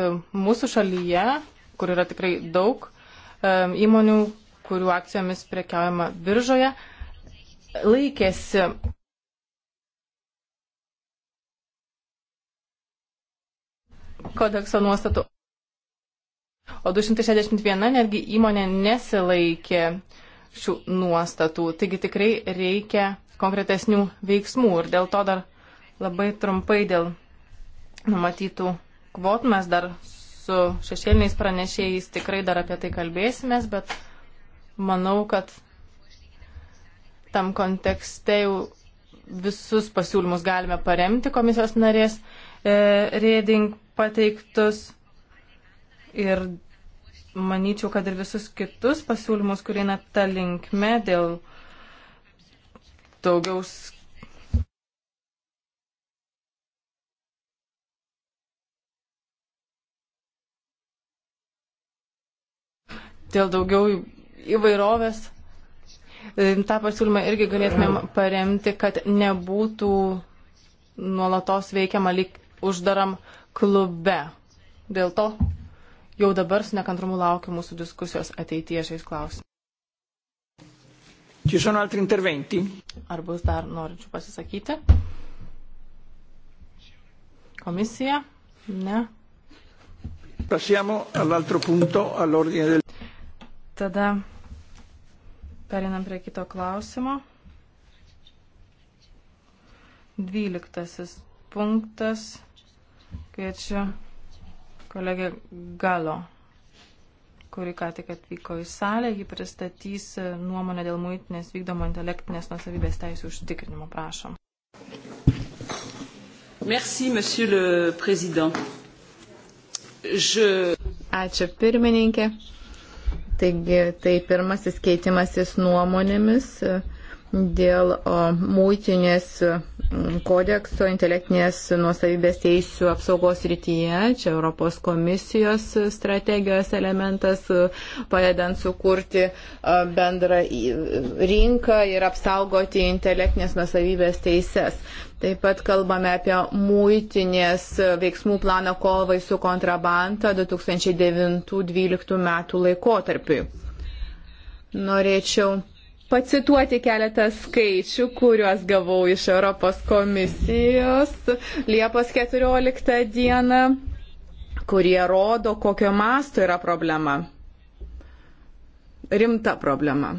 mūsų šalyje, kur yra tikrai daug įmonių, kurių akcijomis prekiaujama biržoje, laikėsi kodekso nuostatų. O 261 netgi įmonė nesilaikė uh, šių nuostatų. Taigi tikrai reikia konkretesnių veiksmų ir dėl to dar labai trumpai dėl numatytų kvotų mes dar su šešėliniais pranešėjais tikrai dar apie tai kalbėsimės, bet manau, kad tam kontekste jau visus pasiūlymus galime paremti komisijos narės e, rėding pateiktus ir manyčiau, kad ir visus kitus pasiūlymus, kurie eina tą linkme dėl daugiau dėl daugiau įvairovės. E, ta pasiūlymą irgi galėtumėm paremti, kad nebūtų nuolatos veikiama lyg uždaram klube. Dėl to jau dabar su nekantrumu laukiu mūsų diskusijos ateityje šiais klausimais. Ci sono altri interventi? Ar bus dar norinčių pasisakyti? Komisija? Ne. Passiamo all'altro punto all'ordine del. Tada perinam prie kito klausimo. Dvyliktasis punktas. Kviečiu kolegė Galo, kuri ką tik atvyko į salę. Ji pristatys nuomonę dėl muitinės vykdomo intelektinės nusavybės teisų užtikrinimo. Prašom. Merci, monsieur le président. Je... Ačiū pirmininkė. Taigi tai pirmasis keitimasis nuomonėmis. Uh, dėl muitinės kodekso intelektinės nuosavybės teisų apsaugos rytyje. Čia Europos komisijos strategijos elementas, e, padedant sukurti e, bendrą rinką ir apsaugoti intelektinės nuosavybės teises. Taip pat kalbame apie muitinės veiksmų planą kovai su kontrabanta 2009-2012 metų laikotarpiui. Norėčiau pacituoti keletą skaičių, kuriuos gavau iš Europos komisijos Liepos 14 dieną, kurie rodo, kokio masto yra problema. Rimta problema.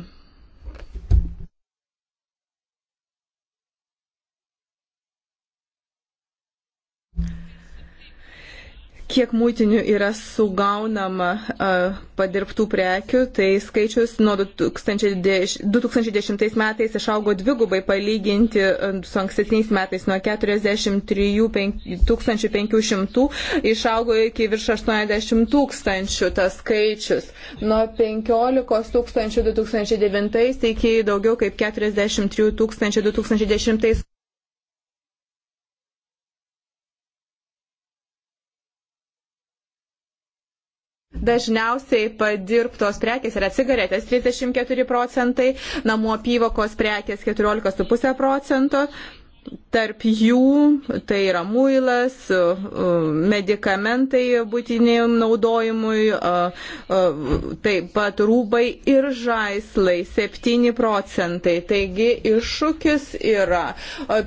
kiek muitinių yra sugaunama e, padirbtų prekių, tai skaičius nuo 2010, 2010 metais išaugo dvigubai palyginti e, su ankstesniais metais nuo 43 500 išaugo iki virš 80 tūkstančių tas skaičius. Nuo 15 tūkstančių 2009 iki daugiau kaip 43 tūkstančių 2010. dažniausiai padirbtos prekės yra cigaretės 34 procentai, namų apyvokos prekės 14,5 procento. Tarp jų tai yra muilas, medikamentai būtiniam naudojimui, taip pat rūbai ir žaislai 7 procentai. Taigi iššūkis yra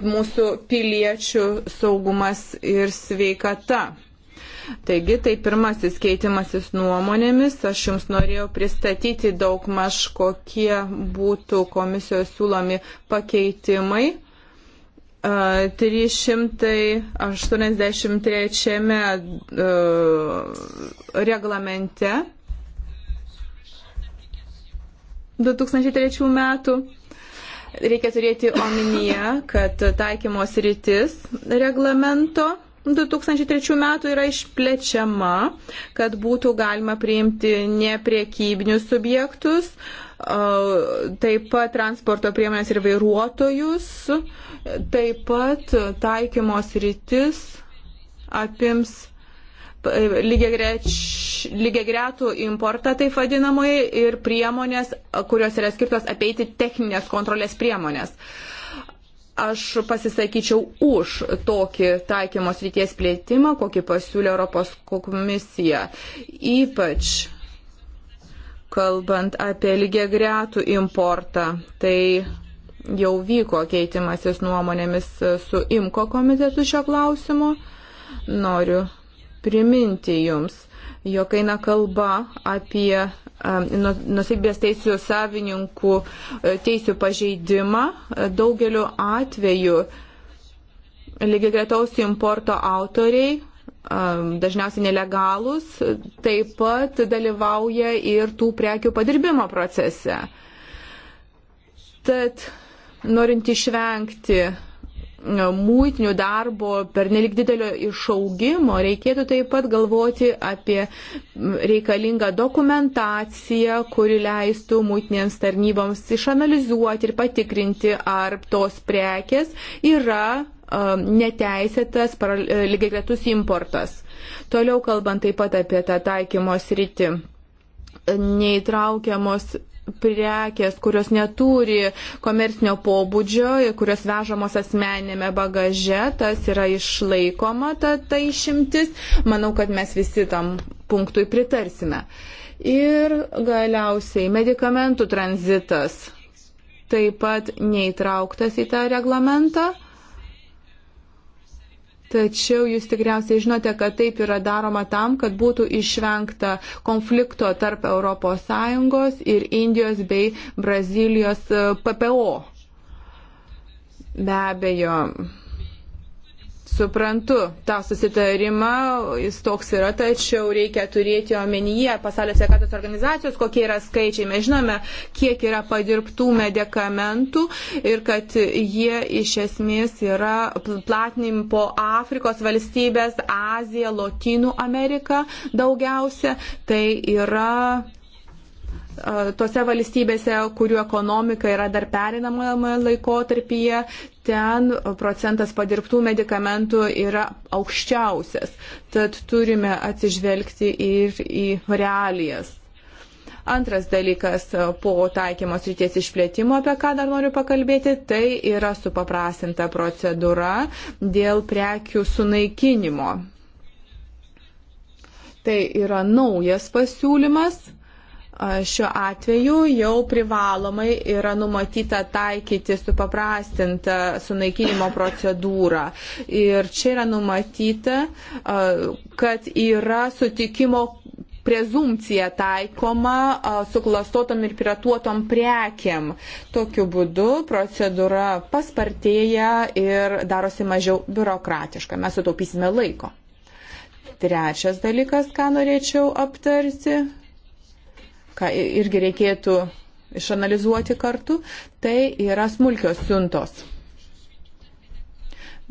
mūsų piliečių saugumas ir sveikata. Taigi tai pirmasis keitimasis nuomonėmis. Aš Jums norėjau pristatyti daug maž, kokie būtų komisijos siūlomi pakeitimai. 383 reglamente 2003 metų. Reikia turėti omenyje, kad taikymos rytis reglamento 2003 metų yra išplečiama, kad būtų galima priimti nepriekybinius subjektus, taip pat transporto priemonės ir vairuotojus, taip pat taikymos rytis apims lygiai gretų importą, taip vadinamoji, ir priemonės, kurios yra skirtos apeiti techninės kontrolės priemonės. Uh, aš pasisakyčiau už tokį taikymos ryties plėtimą, kokį pasiūlė Europos komisija. Ypač kalbant apie lygiai gretų importą, tai jau vyko keitimasis nuomonėmis su IMKO komitetu šio klausimu. Noriu priminti jums, jog eina kalba apie nusibės teisų savininkų e, teisų pažeidimą e, daugeliu atveju lygiai gretaus importo autoriai dažniausiai nelegalus, taip pat dalyvauja ir tų prekių padirbimo procese. Tad norint išvengti mūtinių darbo per nelik didelio išaugimo, reikėtų taip pat galvoti apie reikalingą dokumentaciją, kuri leistų mūtinėms tarnyboms išanalizuoti ir patikrinti, ar tos prekes yra neteisėtas e, lygiai gretus importas. Toliau kalbant taip pat apie tą taikymo sritį, neįtraukiamos prekės, kurios neturi komercinio pobūdžio, kurios vežamos asmenėme bagaže, tas yra išlaikoma ta, ta išimtis. Manau, kad mes visi tam punktui pritarsime. Ir galiausiai medikamentų tranzitas taip pat neįtrauktas į tą reglamentą. Tačiau jūs tikriausiai žinote, kad taip yra daroma tam, kad būtų išvengta konflikto tarp ES ir Indijos bei Brazilijos e, PPO. Be abejo, Suprantu, tą susitarimą, jis toks yra, tačiau reikia turėti omenyje pasaulio sveikatos organizacijos, kokie yra skaičiai. Mes žinome, kiek yra padirbtų medikamentų ir kad jie iš esmės yra platinim po Afrikos valstybės, Aziją, Lotynų Ameriką daugiausia. Tai yra tose valstybėse, kurių ekonomika yra dar perinamame laikotarpyje, ten procentas padirbtų medikamentų yra aukščiausias. Tad turime atsižvelgti ir į realijas. Antras dalykas po taikymos ryties išplėtimo, apie ką dar noriu pakalbėti, tai yra supaprastinta procedūra dėl prekių sunaikinimo. Tai yra naujas pasiūlymas Šiuo atveju jau privalomai yra numatyta taikyti supaprastintą sunaikinimo procedūrą. Ir čia yra numatyta, kad yra sutikimo prezumcija taikoma suklastotom ir piratuotom prekiam. Tokiu būdu procedūra paspartėja ir darosi mažiau biurokratiška. Mes sutaupysime laiko. Trečias dalykas, ką norėčiau aptarti, ką irgi reikėtų išanalizuoti kartu, tai yra smulkios siuntos.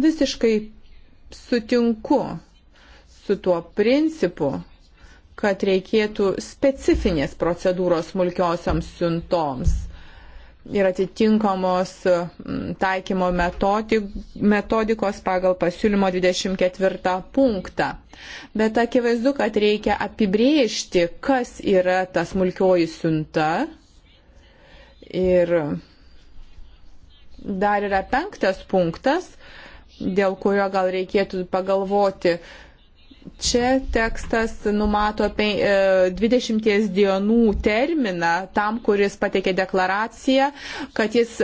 Visiškai sutinku su tuo principu, kad reikėtų specifinės procedūros smulkiosioms siuntoms ir atitinkamos mm, taikymo metodikos pagal pasiūlymo 24 punktą. Bet akivaizdu, kad reikia apibriežti, kas yra ta smulkioji siunta. Ir dar yra penktas punktas, dėl kurio gal reikėtų pagalvoti, uh, Čia tekstas numato 20 e, dienų terminą tam, kuris pateikė deklaraciją, kad jis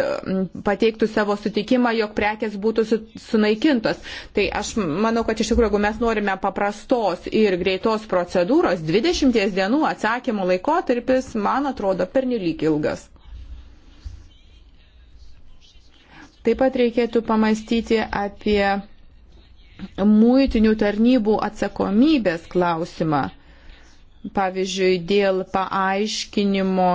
pateiktų savo sutikimą, jog prekės būtų sunaikintos. Tai aš manau, kad iš tikrųjų, jeigu mes norime paprastos ir greitos procedūros, 20 dienų atsakymų laikotarpis, man atrodo, pernelyg ilgas. Taip pat reikėtų pamastyti apie muitinių tarnybų atsakomybės klausimą. Pavyzdžiui, dėl paaiškinimo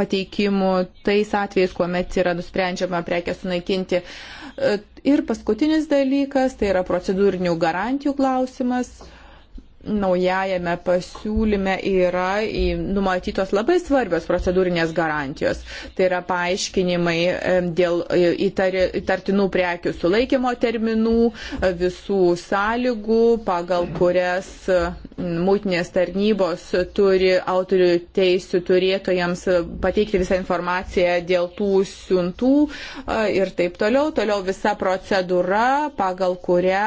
pateikimų tais atvejais, kuomet yra nusprendžiama prekę sunaikinti. E, ir paskutinis dalykas, tai yra procedūrinių garantijų klausimas naujajame pasiūlyme yra numatytos labai svarbios procedūrinės garantijos. Tai yra paaiškinimai dėl e, įtartinų prekių sulaikymo terminų, e, visų sąlygų, pagal kurias e, mūtinės tarnybos turi autorių teisų turėtojams pateikti visą informaciją dėl tų siuntų ir taip toliau. Toliau visa procedūra, pagal kurią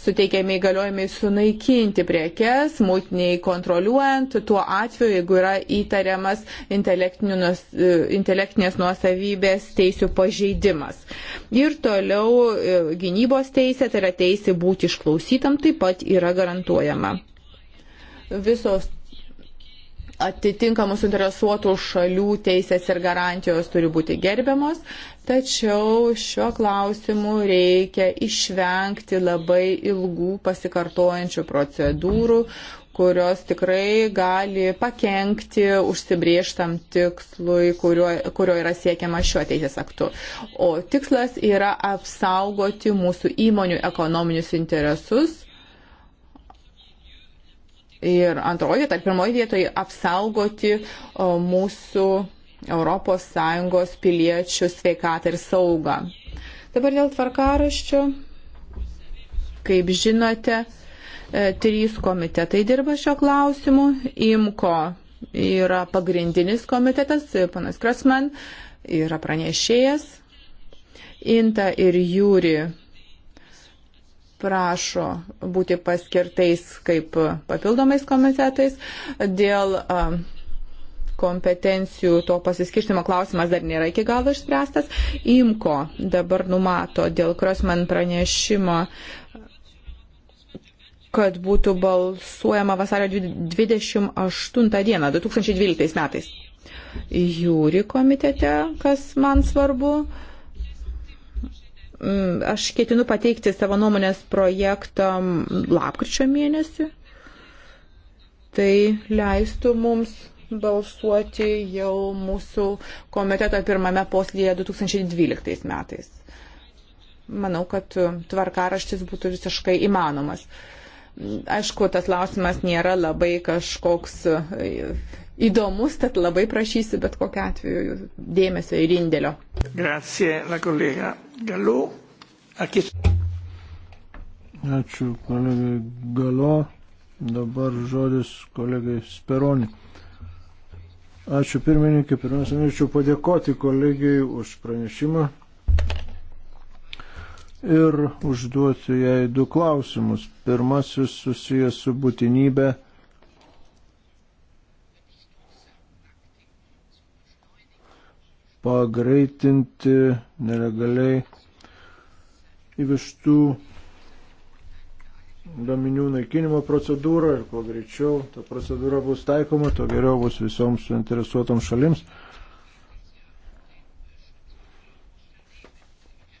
suteikiami įgaliojimai sunaikinti prekių prekes, mūtiniai kontroliuojant, tuo atveju, jeigu yra įtariamas e, intelektinės nuosavybės teisių pažeidimas. Ir toliau e, gynybos teisė, tai yra teisė būti išklausytam, taip pat yra garantuojama. Visos atitinkamų suinteresuotų šalių teisės ir garantijos turi būti gerbiamos Tačiau šiuo klausimu reikia išvengti labai ilgų pasikartojančių procedūrų, kurios tikrai gali pakengti užsibrieštam tikslui, kurio, kurio yra siekiama šiuo teisės aktu. O tikslas yra apsaugoti mūsų įmonių ekonominius interesus. Ir antroji, tarp pirmoji vietoje, apsaugoti mūsų ES piliečių sveikatą ir saugą. Dabar dėl tvarkaraščio, kaip žinote, e, trys komitetai dirba šio klausimu. IMKO yra pagrindinis komitetas, panas Krasman yra pranešėjas. Inta ir Jūri prašo būti paskirtais kaip papildomais komitetais dėl uh, kompetencijų to pasiskirstimo klausimas dar nėra iki galo išspręstas. IMKO dabar numato dėl Krosman pranešimo kad būtų balsuojama vasario 28 dieną 2012 metais. Jūri komitete, kas man svarbu, mm, aš ketinu pateikti savo nuomonės projektą lapkričio mėnesį. Tai leistų mums balsuoti jau mūsų komiteto pirmame poslyje 2012 metais. Manau, kad tvarkaraštis būtų visiškai įmanomas. Aišku, tas klausimas nėra labai kažkoks e, įdomus, tad labai prašysiu bet kokiu atveju dėmesio ir indėlio. Grazie, la kolega Galo. Akis. Ačiū, kolega Galo. Dabar žodis kolegai Speroni. Ačiū pirmininkė. Pirmiausia, norėčiau padėkoti kolegijai už pranešimą ir užduosiu jai du klausimus. Pirmasis susijęs su būtinybė pagreitinti nelegaliai įvežtų gaminių naikinimo procedūrą ir kuo greičiau ta procedūra bus taikoma, to geriau bus visoms suinteresuotoms šalims.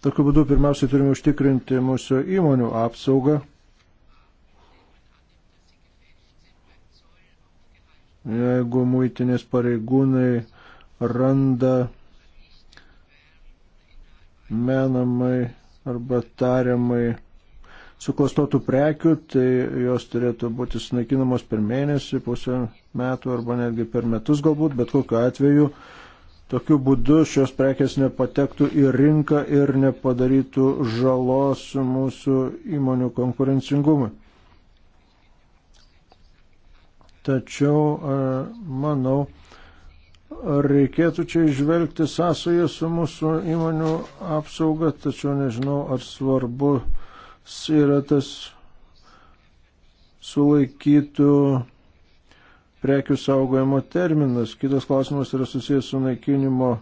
Tokiu būdu pirmiausia turime užtikrinti mūsų įmonių apsaugą. Jeigu muitinės pareigūnai randa menamai arba tariamai suklastotų prekių, tai jos turėtų būti sunaikinamos per mėnesį, pusę metų arba netgi per metus galbūt, bet kokiu atveju tokiu būdu šios prekės nepatektų į rinką ir nepadarytų žalos mūsų įmonių konkurencingumui. Tačiau e, manau, ar reikėtų čia išvelgti sąsąją su mūsų įmonių apsauga, tačiau nežinau, ar svarbu uh, yra tas sulaikytų prekių saugojimo terminas. Kitas klausimas yra susijęs su naikinimo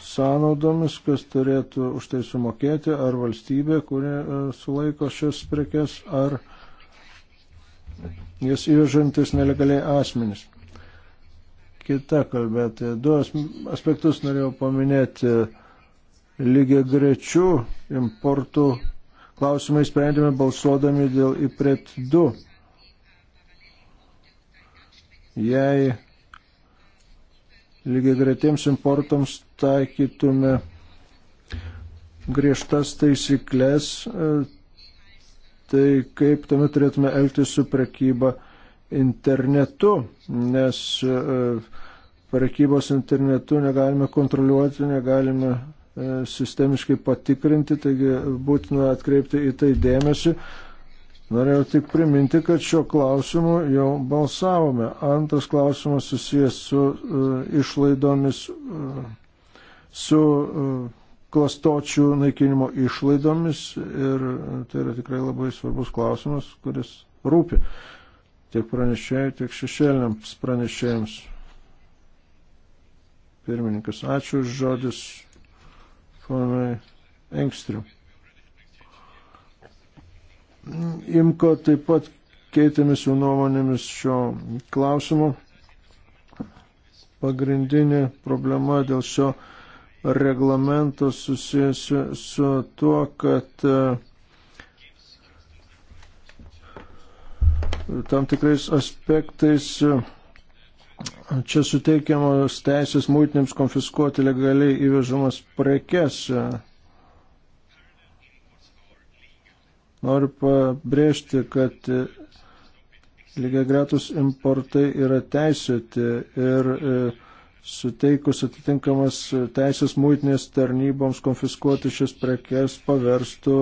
sąnaudomis, kas turėtų už tai sumokėti, ar valstybė, kuri e, sulaiko šias prekes, ar jas įvežantis nelegaliai asmenys. Kita kalbėtoja. Du aspektus norėjau paminėti lygiai grečių importų klausimą sprendėme balsuodami dėl IPRET 2. Jei lygiai gretiems importams taikytume griežtas taisyklės, tai kaip tame turėtume elgtis su prekyba internetu, nes e, prekybos internetu negalime kontroliuoti, negalime E, sistemiškai patikrinti, taigi būtina atkreipti į tai dėmesį. Norėjau tik priminti, kad šio klausimu jau balsavome. Antras klausimas susijęs su uh, išlaidomis, uh, su uh, klastočių naikinimo išlaidomis ir tai yra tikrai labai svarbus klausimas, kuris rūpi tiek pranešėjai, tiek šešėliams pranešėjams. Pirmininkas, ačiū, žodis ponai Engstriu. Imko taip pat keitėmis jų nuomonėmis šio klausimu. Pagrindinė problema dėl šio reglamento susijusi su tuo, kad e, tam tikrais aspektais Čia suteikiamos teisės mūtinėms konfiskuoti legaliai įvežamas prekes. Noriu pabrėžti, kad lygiai gretus importai yra teisėti ir e, suteikus atitinkamas teisės mūtinės tarnyboms konfiskuoti šias prekes paverstų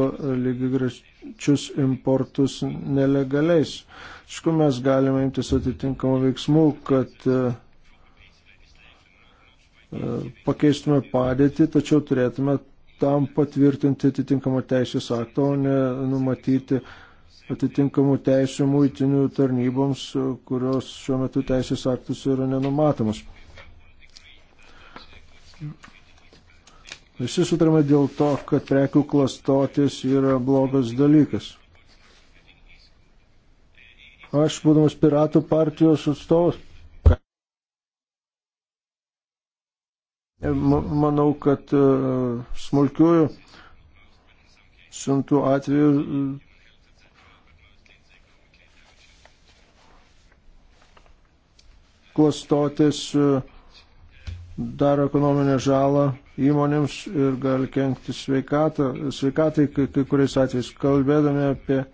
lygiai grečius importus nelegaliais. Aišku, mes galime imtis atitinkamų veiksmų, kad e, e, pakeistume padėtį, tačiau turėtume tam patvirtinti atitinkamą teisės aktą, o ne numatyti atitinkamų teisų muitinių tarnyboms, kurios šiuo metu teisės aktus yra nenumatomas. Visi sutarame dėl to, kad prekių klastotis yra blogas dalykas. Aš, būdamas piratų partijos atstovas, manau, kad e, smulkiųjų siuntų atveju e, klastotis e, daro ekonominę žalą įmonėms ir gali kenkti sveikatą, sveikatai, kai, kai kuriais atvejais kalbėdami apie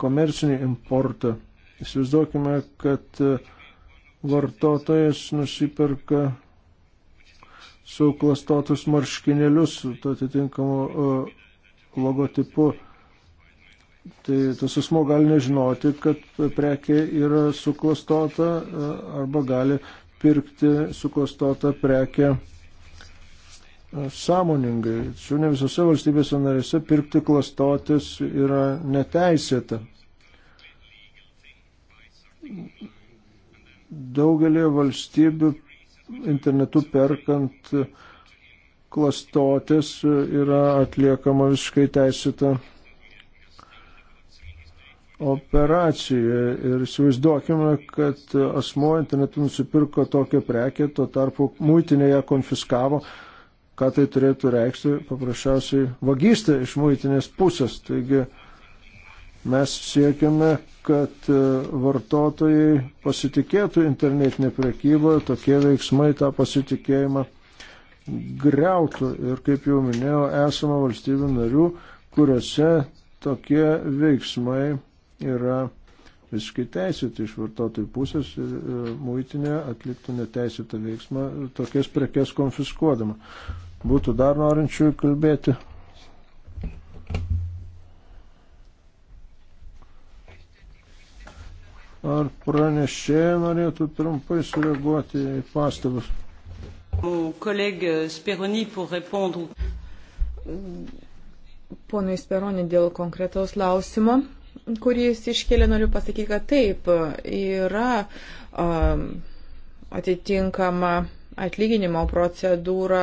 komercinį importą. Įsivaizduokime, kad e, vartotojas nusiperka suklastotus marškinėlius su atitinkamu e, logotipu. Tai tas asmo gali nežinoti, kad prekė yra suklastota e, arba gali pirkti suklastotą prekę sąmoningai. Čia ne visose valstybėse narėse pirkti klastotis yra neteisėta. Daugelį valstybių internetu perkant klastotis yra atliekama visiškai teisėta operacija. Ir įsivaizduokime, kad asmo internetu nusipirko tokią prekę, tuo tarpu muitinė ją konfiskavo ką tai turėtų reikšti, paprasčiausiai vagystė iš muitinės pusės. Taigi mes siekiame, kad e, vartotojai pasitikėtų internetinė prekyba, tokie veiksmai tą pasitikėjimą greutų. Ir kaip jau minėjau, esama valstybių narių, kuriuose tokie veiksmai yra visiškai teisėti iš vartotojų pusės ir e, muitinė atliktų neteisėtą veiksmą tokias prekes konfiskuodama. Būtų dar norinčių kalbėti. Ar pranešėja norėtų trumpai sureaguoti į pastabas? Ponui Speroni dėl konkretaus klausimo, kurį jis iškėlė, noriu pasakyti, kad taip, yra um, atitinkama atlyginimo procedūrą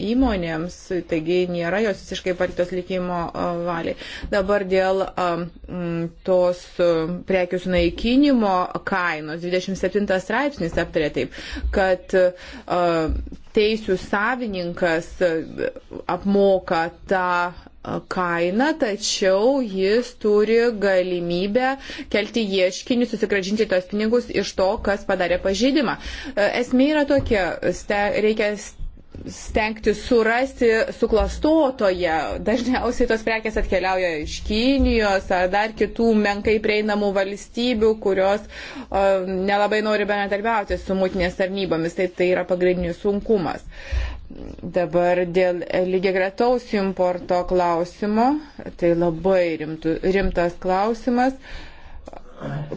įmonėms, taigi nėra jos visiškai paliktos likimo valiai. Dabar dėl tos prekių sunaikinimo kainos, 27 straipsnis aptarė taip, kad teisų savininkas apmoka tą kainą, tačiau jis turi galimybę kelti ieškinį, susigražinti tos pinigus iš to, kas padarė pažydimą. E, esmė yra tokia, reikia stengti surasti suklastotoje. Dažniausiai tos prekes atkeliauja iš Kinijos ar dar kitų menkai prieinamų valstybių, kurios uh, nelabai nori bendradarbiauti su mutinės tarnybomis. Tai tai yra pagrindinis sunkumas. Uh, Dabar dėl lygiagretaus importo klausimo, tai labai rimtų, rimtas klausimas,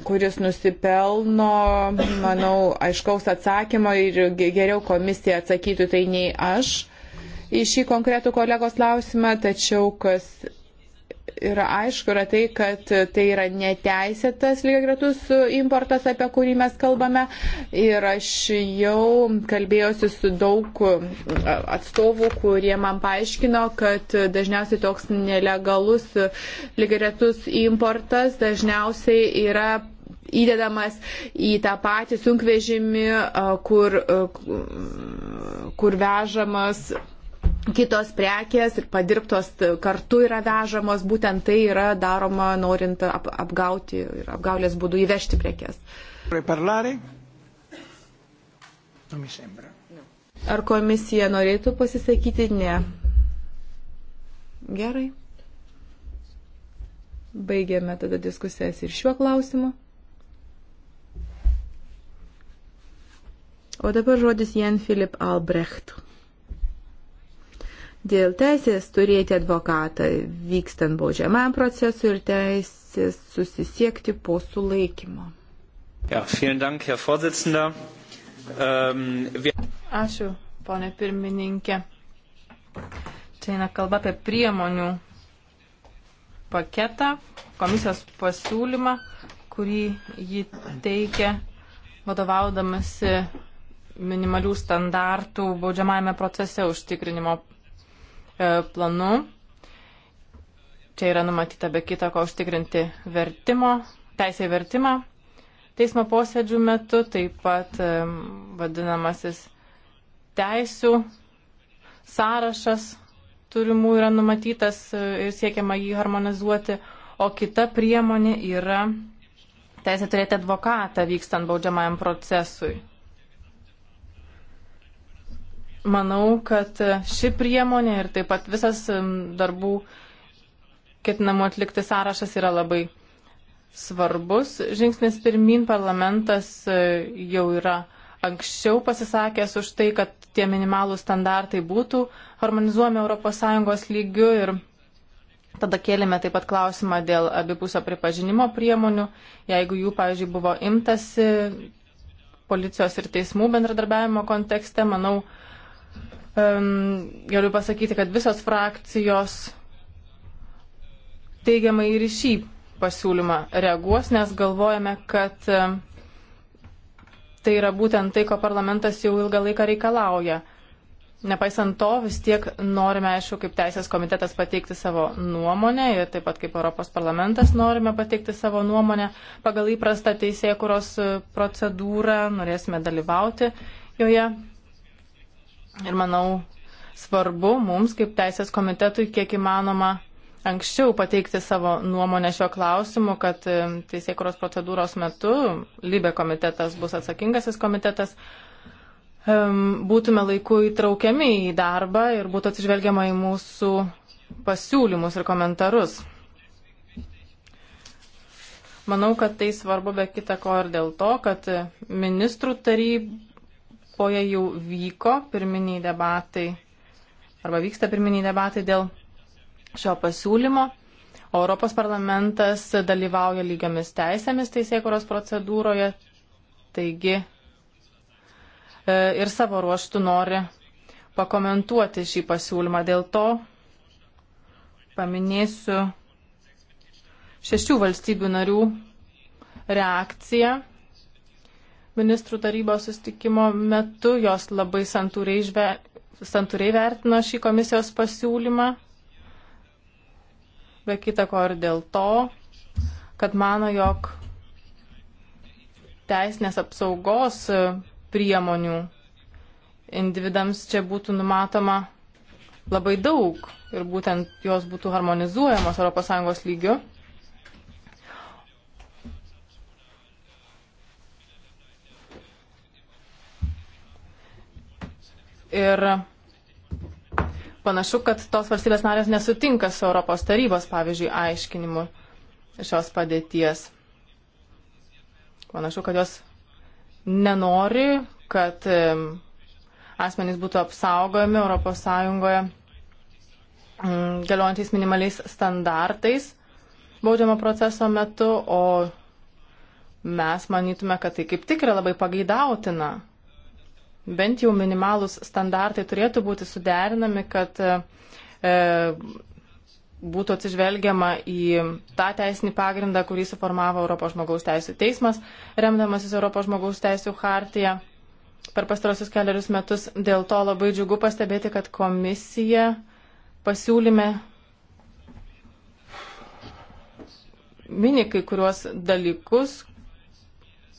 kuris nusipelno, manau, aiškaus atsakymo ir geriau komisija atsakytų tai nei aš į šį konkretų kolegos klausimą, tačiau kas yra aišku, yra tai, kad tai yra neteisėtas lygiagretus importas, apie kurį mes kalbame. Ir aš jau kalbėjausi su daug atstovų, kurie man paaiškino, kad dažniausiai toks nelegalus lygiagretus importas dažniausiai yra įdedamas į tą patį sunkvežimį, kur, kur vežamas kitos prekės ir padirbtos kartu yra vežamos, būtent tai yra daroma norint ap apgauti ir apgaulės būdų įvežti prekes. Ar komisija norėtų pasisakyti? Ne. Gerai. Baigėme tada diskusijas ir šiuo klausimu. O dabar žodis Jan Filip Albrecht dėl teisės turėti advokatą vykstant baudžiamam procesui ir teisės susisiekti po sulaikymo. Ja, dank, um, ähm, vi... Ačiū, ponė pirmininkė. Čia eina kalba apie priemonių paketą, komisijos pasiūlymą, kurį ji teikia vadovaudamasi minimalių standartų baudžiamajame procese užtikrinimo E, planu. Čia yra numatyta be kita ko užtikrinti vertimo, teisę į vertimą teismo posėdžių metu, taip pat e, vadinamasis teisių sąrašas turimų yra numatytas e, ir siekiama jį harmonizuoti, o kita priemonė yra teisė turėti advokatą vykstant baudžiamajam procesui manau, kad ši priemonė ir taip pat visas darbų ketinamų atlikti sąrašas yra labai svarbus žingsnis pirmin. Parlamentas e, jau yra anksčiau pasisakęs už tai, kad tie minimalų standartai būtų harmonizuojami ES lygiu ir tada kėlėme taip pat klausimą dėl abipusio pripažinimo priemonių, jeigu jų, pavyzdžiui, buvo imtasi policijos ir teismų bendradarbiavimo kontekste, manau, um, galiu pasakyti, kad visos frakcijos teigiamai ir į šį pasiūlymą reaguos, nes galvojame, kad um, tai yra būtent tai, ko parlamentas jau ilgą laiką reikalauja. Nepaisant to, vis tiek norime, aišku, kaip Teisės komitetas pateikti savo nuomonę ir taip pat kaip Europos parlamentas norime pateikti savo nuomonę pagal įprastą teisėkuros procedūrą, norėsime dalyvauti joje. Ir manau, svarbu mums kaip Teisės komitetui kiek įmanoma anksčiau pateikti savo nuomonę šiuo klausimu, kad e, teisėkuros procedūros metu Libė komitetas bus atsakingasis komitetas, būtume laiku įtraukiami į darbą ir būtų atsižvelgiama į mūsų pasiūlymus ir komentarus. Manau, kad tai svarbu be kita ko ir dėl to, kad ministrų taryba Koje jau vyko pirminiai debatai arba vyksta pirminiai debatai dėl šio pasiūlymo. O Europos parlamentas dalyvauja lygiomis teisėmis teisėkuros procedūroje, taigi e, ir savo ruoštų nori pakomentuoti šį pasiūlymą. Dėl to paminėsiu šešių valstybių narių reakciją Ministrų tarybos sustikimo metu jos labai santūriai, žve, santūriai vertino šį komisijos pasiūlymą, be kita ko ir dėl to, kad mano, jog teisinės apsaugos priemonių individams čia būtų numatoma labai daug ir būtent jos būtų harmonizuojamos ES lygiu. Ir panašu, kad tos valstybės narės nesutinka su Europos tarybos, pavyzdžiui, aiškinimu šios padėties. Panašu, kad jos nenori, kad asmenys būtų apsaugojami Europos Sąjungoje mm, galiojančiais minimaliais standartais baudžiamo proceso metu, o mes manytume, kad tai kaip tik yra labai pageidautina, bent jau minimalūs standartai turėtų būti suderinami, kad e, būtų atsižvelgiama į tą teisinį pagrindą, kurį suformavo Europos žmogaus teisų teismas, remdamasis Europos žmogaus teisų hartiją per pastarosius keliarius metus. Dėl to labai džiugu pastebėti, kad komisija pasiūlyme mini kai kuriuos dalykus,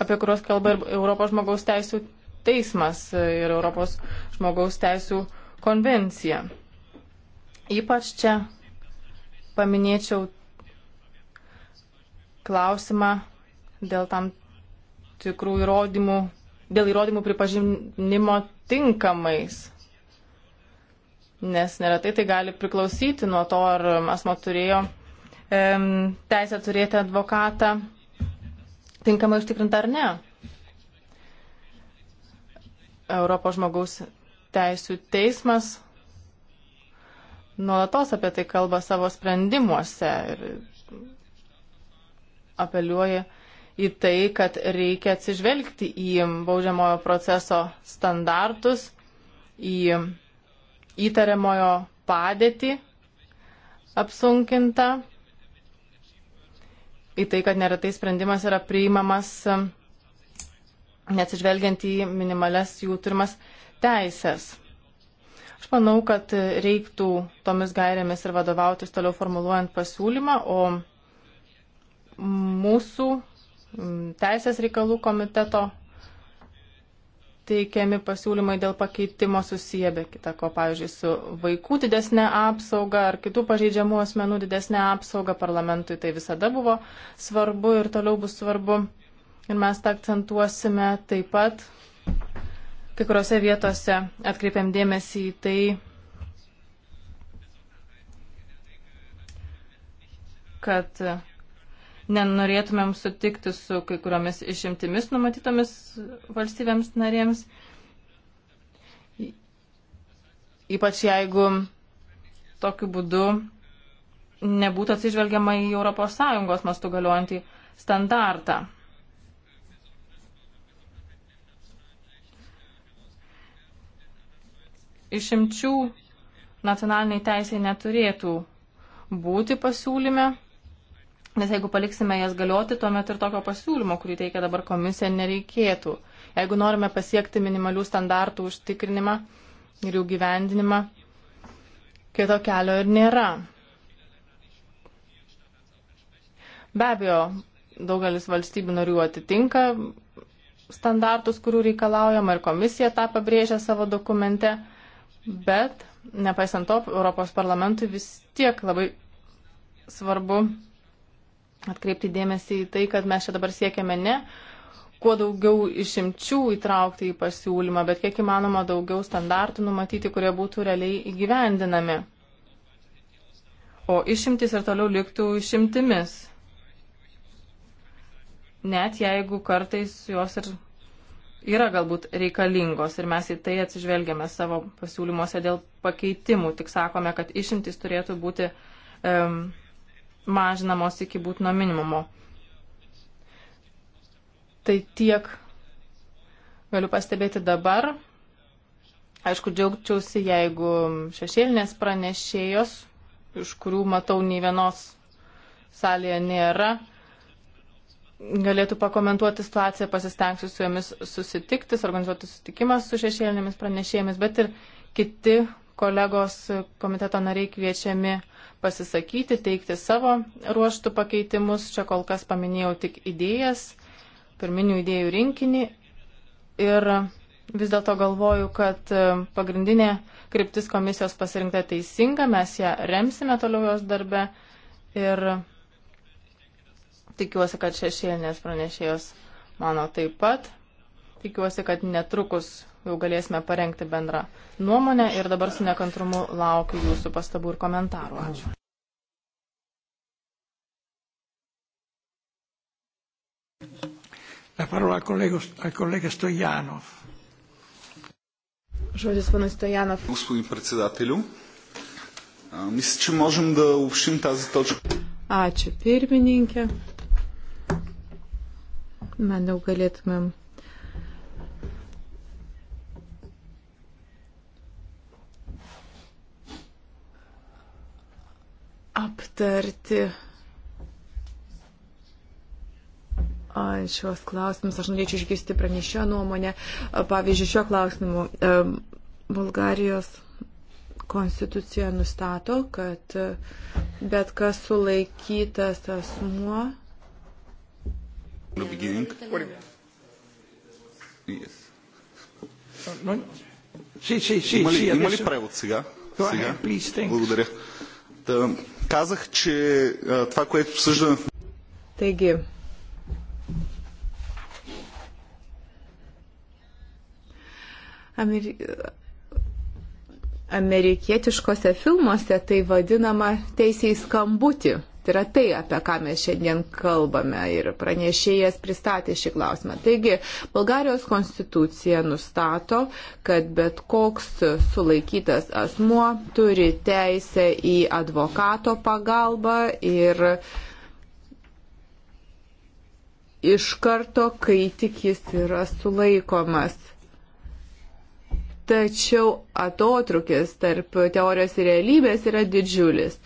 apie kuriuos kalba ir Europos žmogaus teisų teismas ir Europos žmogaus teisų konvencija. Ypač čia paminėčiau klausimą dėl tam tikrų įrodymų, dėl įrodymų pripažinimo tinkamais. Nes neretai tai gali priklausyti nuo to, ar asmo turėjo e, teisę turėti advokatą tinkamai užtikrintą ar ne. Europos žmogaus teisų teismas nuolatos apie tai kalba savo sprendimuose ir apeliuoja į tai, kad reikia atsižvelgti į baudžiamojo proceso standartus, į įtariamojo padėtį apsunkintą, į tai, kad neretai sprendimas yra priimamas neatsižvelgiant į minimales jų turimas teisės. Aš manau, kad reiktų tomis gairėmis ir vadovautis toliau formuluojant pasiūlymą, o mūsų mm, Teisės reikalų komiteto teikiami pasiūlymai dėl pakeitimo susiję be kita ko, pavyzdžiui, su vaikų didesnė apsauga ar kitų pažeidžiamų asmenų didesnė apsauga parlamentui tai visada buvo svarbu ir toliau bus svarbu. Ir mes tą akcentuosime taip pat. Kai kuriuose vietose atkreipiam dėmesį į tai, kad nenorėtumėm sutikti su kai kuriomis išimtimis numatytomis valstybėms narėms, ypač jeigu tokiu būdu nebūtų atsižvelgiama į ES mastų galiojantį standartą. Išimčių nacionaliniai teisiai neturėtų būti pasiūlyme, nes jeigu paliksime jas galioti, tuomet ir tokio pasiūlymo, kurį teikia dabar komisija, nereikėtų. Jeigu norime pasiekti minimalių standartų užtikrinimą ir jų gyvendinimą, kito kelio ir nėra. Be abejo, daugelis valstybių narių atitinka standartus, kurių reikalaujama ir komisija tą pabrėžia savo dokumente bet nepaisant to, Europos parlamentui vis tiek labai svarbu atkreipti dėmesį į tai, kad mes čia dabar siekiame ne kuo daugiau išimčių įtraukti į pasiūlymą, bet kiek įmanoma daugiau standartų numatyti, kurie būtų realiai įgyvendinami. O išimtis ir toliau liktų išimtimis. Net jeigu kartais jos ir yra galbūt reikalingos ir mes į tai atsižvelgiame savo pasiūlymuose dėl pakeitimų. Tik sakome, kad išimtis turėtų būti um, mažinamos iki būtino minimumo. Tai tiek galiu pastebėti dabar. Aišku, džiaugčiausi, jeigu šešėlinės pranešėjos, iš kurių matau nei vienos salėje nėra, galėtų pakomentuoti situaciją, pasistengsiu su jomis susitikti, organizuoti susitikimą su šešėlinėmis pranešėjomis, bet ir kiti kolegos komiteto nariai kviečiami pasisakyti, teikti savo ruoštų pakeitimus. Čia kol kas paminėjau tik idėjas, pirminių idėjų rinkinį. Ir vis dėlto galvoju, kad pagrindinė kryptis komisijos pasirinkta teisinga, mes ją remsime toliau jos darbe. Ir Tikiuosi, kad šešėlinės pranešėjos mano taip pat. Tikiuosi, kad netrukus jau galėsime parengti bendrą nuomonę ir dabar su nekantrumu laukiu jūsų pastabų ir komentarų. Ačiū. La parola al collega, al collega Stojanov. Žodis pana Stojanov. Господин председателю, мисля, че можем да общим тази точка. Ačiū pirmininkė. Manau, galėtumėm. aptarti šios klausimus. Aš norėčiau išgirsti pranešio nuomonę. Pavyzdžiui, šio klausimu Bulgarijos konstitucija nustato, kad bet kas sulaikytas asmuo the beginning. Yes. No, no. Си, си, си, има ли, си, има ли превод сега? сега? Благодаря. Да, казах, че а, това, което обсъждаме в Taigi, Ameri... amerikietiškose filmuose tai vadinama teisė į skambutį. Tai yra tai, apie ką mes šiandien kalbame ir pranešėjas pristatė šį klausimą. Taigi, Bulgarijos konstitucija nustato, kad bet koks sulaikytas asmuo turi teisę į advokato pagalbą ir iš karto, kai tik jis yra sulaikomas. Tačiau atotrukis tarp teorijos ir realybės yra didžiulis.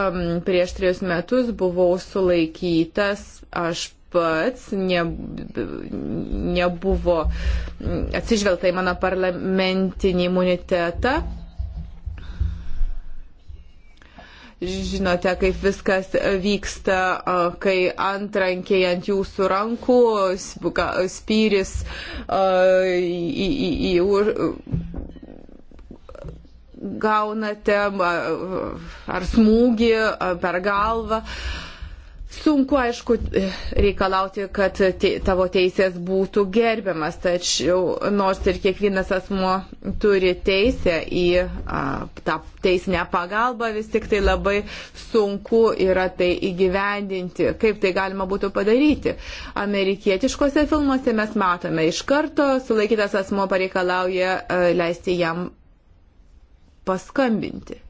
Um, prieš trijus metus buvau sulaikytas, aš pats ne, nebuvo atsižvelgta į mano parlamentinį imunitetą Žinote, kaip viskas vyksta, kai antrankiai ant jūsų rankų, spyris į, į, į už gaunate ar smūgį per galvą. Uh, Sunku, aišku, reikalauti, kad te, tavo teisės būtų gerbiamas, tačiau nors ir kiekvienas asmo turi teisę į a, tą teisinę pagalbą, vis tik tai labai sunku yra tai įgyvendinti. Kaip tai galima būtų padaryti? Amerikietiškose filmuose mes matome iš karto, sulaikytas asmo pareikalauja a, leisti jam paskambinti.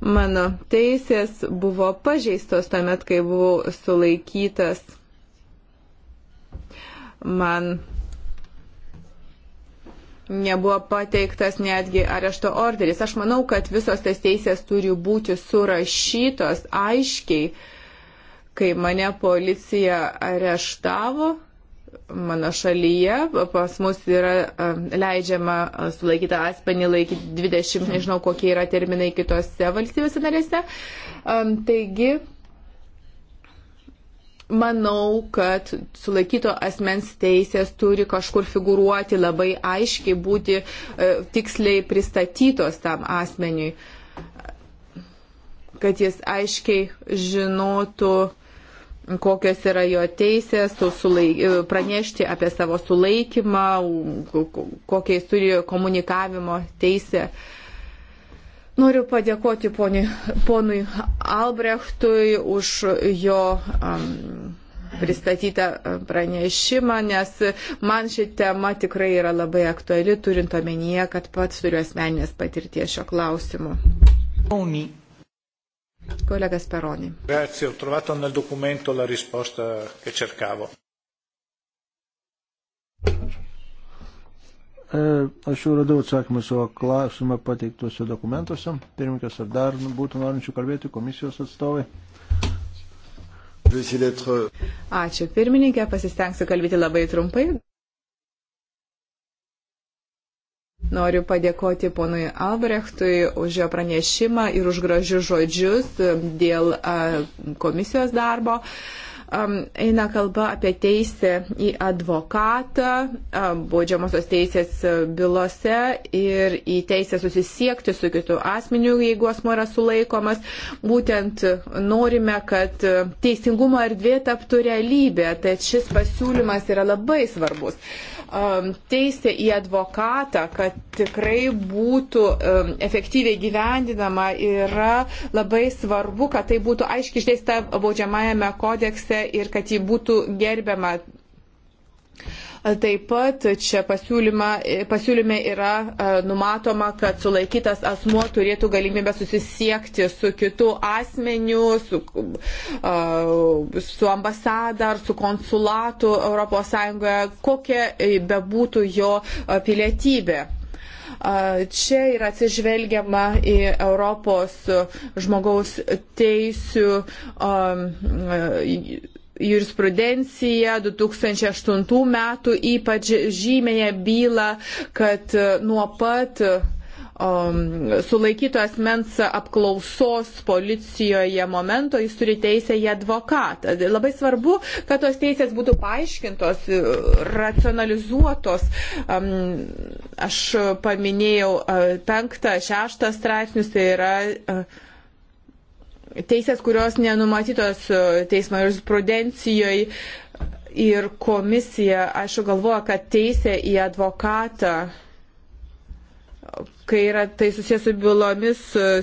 Mano teisės buvo pažeistos tuomet, kai buvau sulaikytas. Man nebuvo pateiktas netgi arešto orderis. Aš manau, kad visos tas teisės turi būti surašytos aiškiai. Kai mane policija areštavo, mano šalyje pas mus yra leidžiama e, sulaikytą asmenį laikyti 20, nežinau kokie yra terminai kitose valstybėse narėse. Taigi, manau, kad sulaikyto asmens teisės turi kažkur figuruoti labai aiškiai, būti e, tiksliai pristatytos tam asmeniui, kad jis aiškiai žinotų, kokios yra jo teisės su, sulaik, e, pranešti apie savo sulaikymą, kokiais turi komunikavimo teisę. Noriu padėkoti poni, ponui Albrechtui už jo um, pristatytą pranešimą, nes man ši tema tikrai yra labai aktuali, turint omenyje, kad pats turiu asmeninės patirties šio klausimu. Pony. Kolega Speroni. Grazie, ho trovato nel documento la risposta che cercavo. E, aš jau radau atsakymą savo klausimą pateiktuose dokumentuose. Pirmininkas, ar dar būtų norinčių kalbėti komisijos atstovai? Ačiū pirmininkė, pasistengsiu kalbėti labai trumpai. Noriu padėkoti ponui Albrechtui už jo pranešimą ir už gražius žodžius dėl komisijos darbo. Uh, eina kalba apie teisę į advokatą baudžiamosios teisės bylose ir į teisę susisiekti su kitu asmeniu, jeigu asmo yra sulaikomas. Būtent norime, kad teisingumo erdvė taptų realybė, tad šis pasiūlymas yra labai svarbus. Teisė į advokatą, kad tikrai būtų efektyviai gyvendinama, yra labai svarbu, kad tai būtų aiškiai išdėsta baudžiamajame kodekse kontekste ir kad ji būtų gerbiama. Taip pat čia pasiūlyme yra e, numatoma, kad sulaikytas asmuo turėtų galimybę susisiekti su kitu asmeniu, su, e, su ambasada ar su konsulatu ES, kokia e, bebūtų jo pilietybė. Čia yra atsižvelgiama į Europos žmogaus teisių um, jurisprudencija 2008 metų ypač žymėje bylą, kad nuo pat Um, sulaikyto asmens apklausos policijoje momento jis turi teisę į advokatą. Labai svarbu, kad tos teisės būtų paaiškintos, racionalizuotos. Um, aš paminėjau uh, penktą, šeštą straipsnius, tai yra uh, teisės, kurios nenumatytos uh, teismo jurisprudencijoje. Ir komisija, aišku, galvoja, kad teisė į advokatą kai yra tai susijęs su bylomis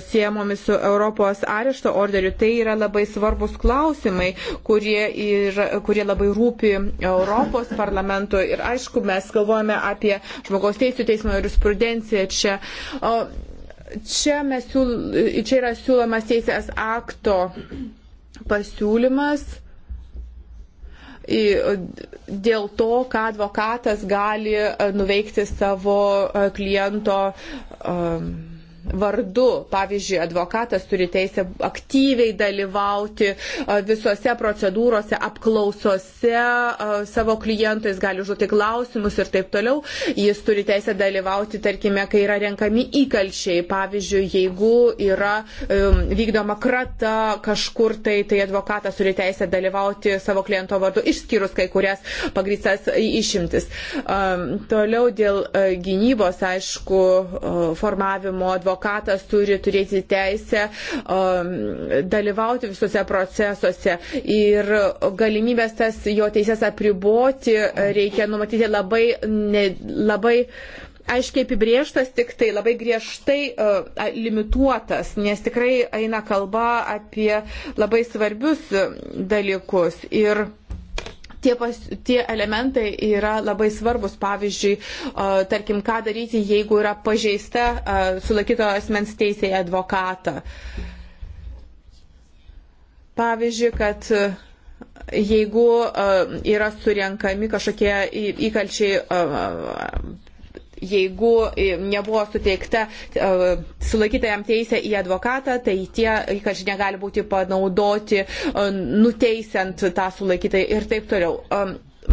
siemomis su Europos arešto orderiu, tai yra labai svarbus klausimai, kurie, yra, kurie labai rūpi Europos parlamento. Ir aišku, mes galvojame apie žmogaus teisų teismo jurisprudenciją čia. O, čia, siūl, čia yra siūlomas teisės akto pasiūlymas dėl to, ką advokatas gali e, nuveikti savo e, kliento. Um, vardu. Pavyzdžiui, advokatas turi teisę aktyviai dalyvauti visose procedūrose, apklausose savo klientų, jis gali užduoti klausimus ir taip toliau. Jis turi teisę dalyvauti, tarkime, kai yra renkami įkalčiai. Pavyzdžiui, jeigu yra vykdoma krata kažkur tai, tai advokatas turi teisę dalyvauti savo kliento vardu, išskyrus kai kurias pagrįstas išimtis. Toliau dėl e, gynybos, aišku, formavimo advokatų advokatas turi turėti teisę um, dalyvauti visuose procesuose ir galimybės tas jo teises apriboti uh, reikia numatyti labai, ne, labai aiškiai apibrieštas, tik tai labai griežtai uh, limituotas, nes tikrai eina kalba apie labai svarbius uh, dalykus. Ir tie, pas, tie elementai yra labai svarbus. Pavyzdžiui, tarkim, ką daryti, jeigu yra pažeista sulaikyto asmens teisėje advokatą. Pavyzdžiui, kad jeigu yra surenkami kažkokie įkalčiai jeigu e, nebuvo suteikta e, sulaikytajam teisė į advokatą, tai tie įkačiai negali būti panaudoti e, nuteisiant tą sulaikytą ir taip toliau.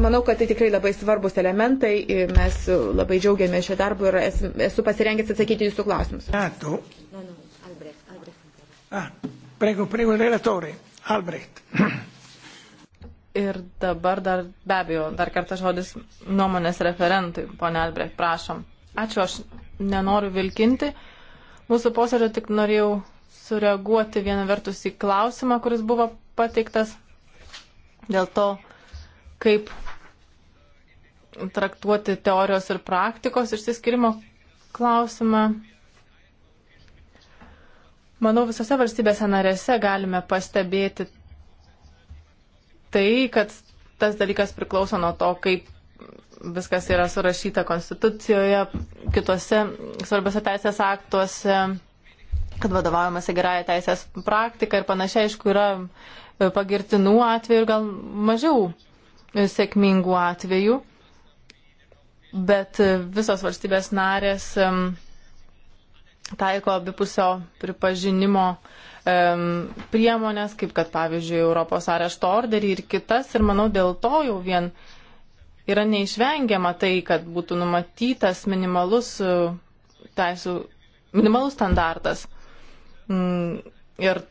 Manau, kad tai tikrai labai svarbus elementai ir mes labai džiaugiamės šio darbu ir esu pasirengęs atsakyti jūsų klausimus. Ačiū. Ah, ah, prego, prego, relatore. Albrecht. Ir dabar dar, be abejo, dar kartą žodis nuomonės referentui, ponė Albrecht, prašom. Ačiū, aš nenoriu vilkinti. Mūsų posėdžio tik norėjau sureaguoti vieną vertus į klausimą, kuris buvo pateiktas dėl to, kaip traktuoti teorijos ir praktikos išsiskirimo klausimą. Manau, visose valstybėse narėse galime pastebėti tai, kad tas dalykas priklauso nuo to, kaip viskas yra surašyta Konstitucijoje, kitose svarbiose teisės aktuose, kad vadovaujamasi gerąją teisės praktiką ir panašiai, aišku, yra e, pagirtinų atvejų ir gal mažiau e, sėkmingų atvejų, bet e, visos valstybės narės taiko abipusio pripažinimo uh, priemonės, kaip kad pavyzdžiui Europos arešto orderį ir kitas. Ir manau, dėl to jau vien yra neišvengiama tai, kad būtų numatytas minimalus e, teisų, minimalus standartas. Mm, ir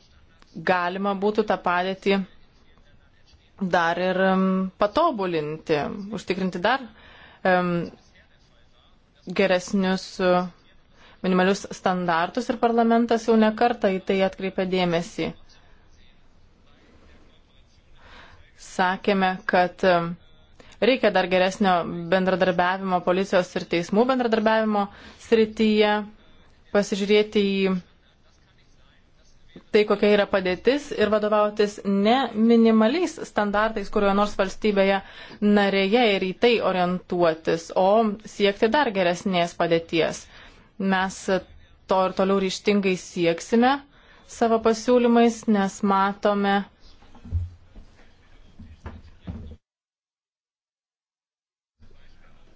galima būtų tą padėtį dar ir patobulinti, užtikrinti dar geresnius e, minimalius standartus ir parlamentas jau nekarta į tai atkreipė dėmesį. Sakėme, kad um, reikia dar geresnio bendradarbiavimo policijos ir teismų bendradarbiavimo srityje, pasižiūrėti į tai, kokia yra padėtis ir vadovautis ne minimaliais standartais kurioje nors valstybėje narėje ir į tai orientuotis, o siekti dar geresnės padėties. Mes to ir toliau ryštingai sieksime savo pasiūlymais, nes matome,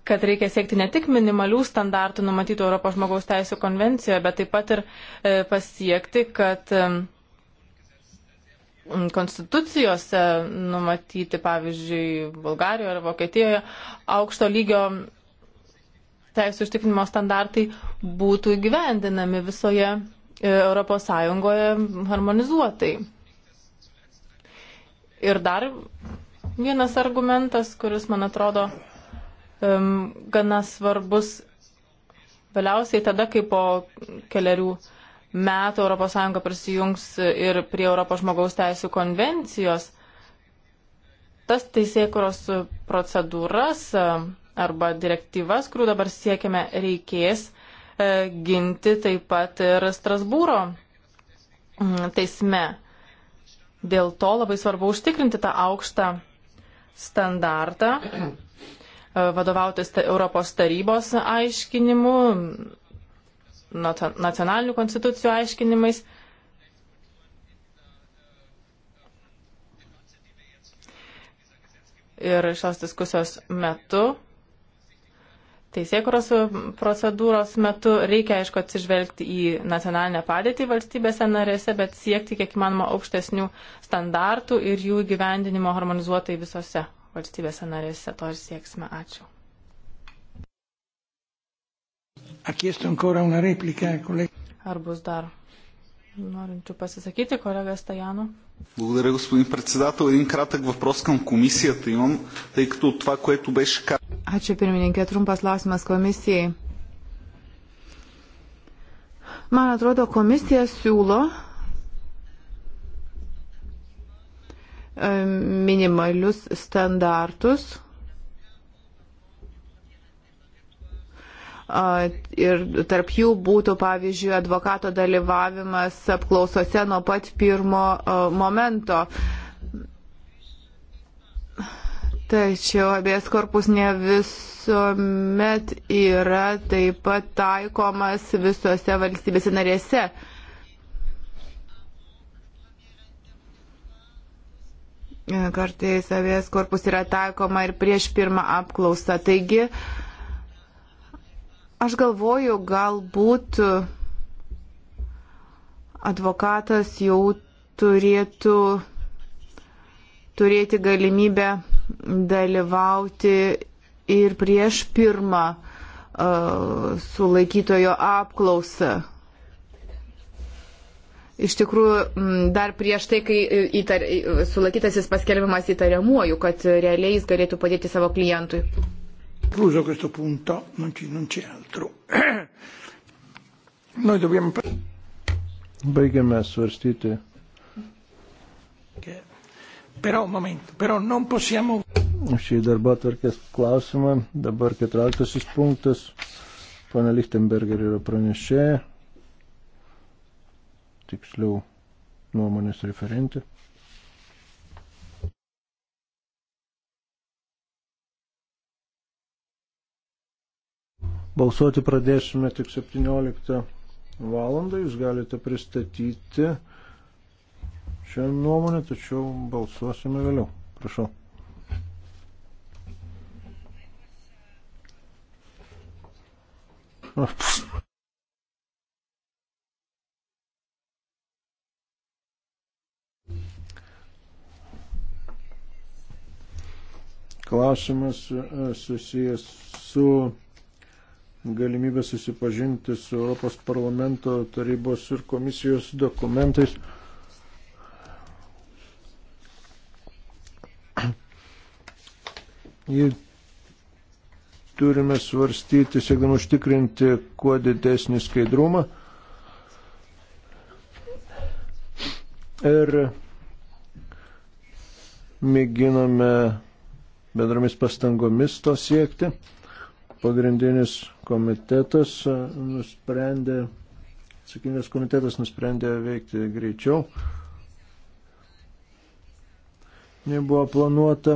kad reikia siekti ne tik minimalių standartų numatytų Europos žmogaus teisų konvencijoje, bet taip pat ir e, pasiekti, kad e, konstitucijose numatyti, pavyzdžiui, Bulgarijoje ar Vokietijoje aukšto lygio teisų ištikrinimo standartai būtų įgyvendinami visoje e, Europos Sąjungoje harmonizuotai. Ir dar vienas argumentas, kuris, man atrodo, um, gana svarbus vėliausiai tada, kai po keliarių metų ES prisijungs ir prie Europos žmogaus teisų konvencijos, tas teisėkuros procedūras arba direktyvas, kurių dabar siekiame, reikės e, ginti taip pat ir Strasbūro mm, teisme. Dėl to labai svarbu užtikrinti tą aukštą standartą, e, vadovautis Europos tarybos aiškinimu, nacionalinių konstitucijų aiškinimais. Ir šios diskusijos metu teisėkuros procedūros metu reikia, aišku, atsižvelgti į nacionalinę padėtį valstybėse narėse, bet siekti kiek įmanoma aukštesnių standartų ir jų gyvendinimo harmonizuotai visose valstybėse narėse. To ir sieksime. Ačiū. Ar bus dar norinčių pasisakyti, kolega Stajanu? Благодаря, господин председател. Един кратък въпрос към комисията имам, тъй като от това, което беше казано. Ačiū pirmininkė, trumpas klausimas komisijai. Man atrodo, komisija siūlo minimalius standartus ir tarp jų būtų, pavyzdžiui, advokato dalyvavimas apklausose nuo pat pirmo momento. Tačiau abies korpus ne visuomet yra taip pat taikomas visose valstybėse narėse. Kartais abies korpus yra taikoma ir prieš pirmą apklausą. Taigi, uh, Aš galvoju, galbūt advokatas jau turėtų turėti galimybę dalyvauti ir prieš pirmą uh, sulaikytojo apklausą. Iš tikrųjų, dar prieš tai, kai įtar, sulaikytasis paskelbimas įtariamuoju, kad realiai jis galėtų padėti savo klientui. Concluso questo punto, non, ci, non c'è altro. Noi dobbiamo... Baigiame svarstyti. Però, momento, però non possiamo... Šį darbo atvarkės klausimą, dabar 14 punktas, pana Lichtenberger yra pranešėja, tiksliau nuomonės referentė. Balsuoti pradėsime tik 17 valandą. Jūs galite pristatyti šią nuomonę, tačiau balsuosime vėliau. Prašau. Oops. klausimas e, susijęs su galimybę susipažinti su Europos parlamento tarybos ir komisijos dokumentais. Jį turime svarstyti, siekdami užtikrinti kuo didesnį skaidrumą. Ir mėginame bendromis pastangomis to siekti pagrindinis komitetas e, nusprendė, atsakingas komitetas nusprendė veikti greičiau. Nebuvo planuota.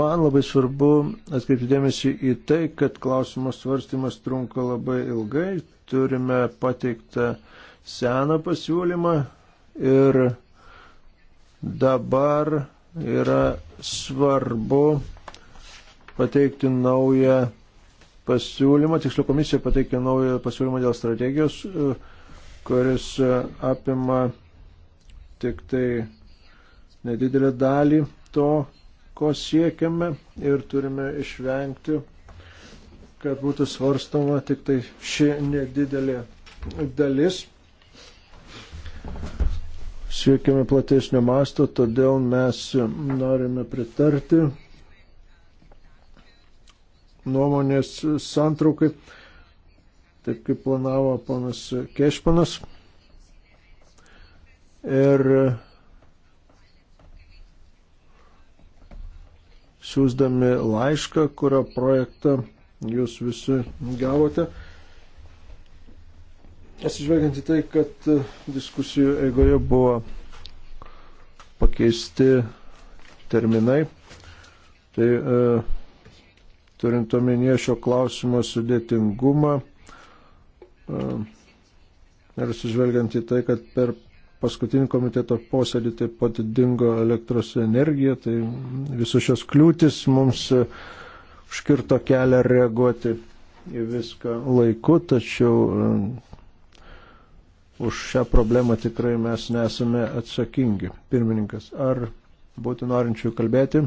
Man labai svarbu atkreipti dėmesį į tai, kad klausimo svarstymas trunka labai ilgai. Turime pateiktą seną pasiūlymą, ir dabar yra svarbu pateikti naują pasiūlymą, tiksliau komisija pateikė naują pasiūlymą dėl strategijos, kuris apima tik tai nedidelę dalį to, ko siekiame ir turime išvengti, kad būtų svarstoma tik tai ši nedidelė dalis siekiame platesnio masto, todėl mes norime pritarti nuomonės santraukai, taip kaip planavo ponas Kešpanas. Ir siūsdami laišką, kurio projektą jūs visi gavote. Atsižvelgiant į tai, kad e, diskusijų eigoje buvo pakeisti terminai, tai e, turint omenyje šio klausimo sudėtingumą e, ir atsižvelgiant į tai, kad per paskutinį komiteto posėdį taip pat dingo elektros energija, tai visos šios kliūtis mums e, užkirto kelią reaguoti į viską laiku, tačiau e, už šią problemą tikrai mes nesame atsakingi. Pirmininkas, ar būtų norinčių kalbėti?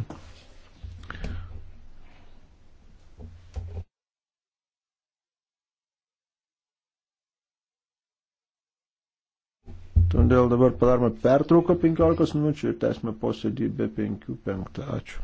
Todėl dabar padarome pertrauką 15 minučių ir tęsime posėdį be 5.5. Ačiū.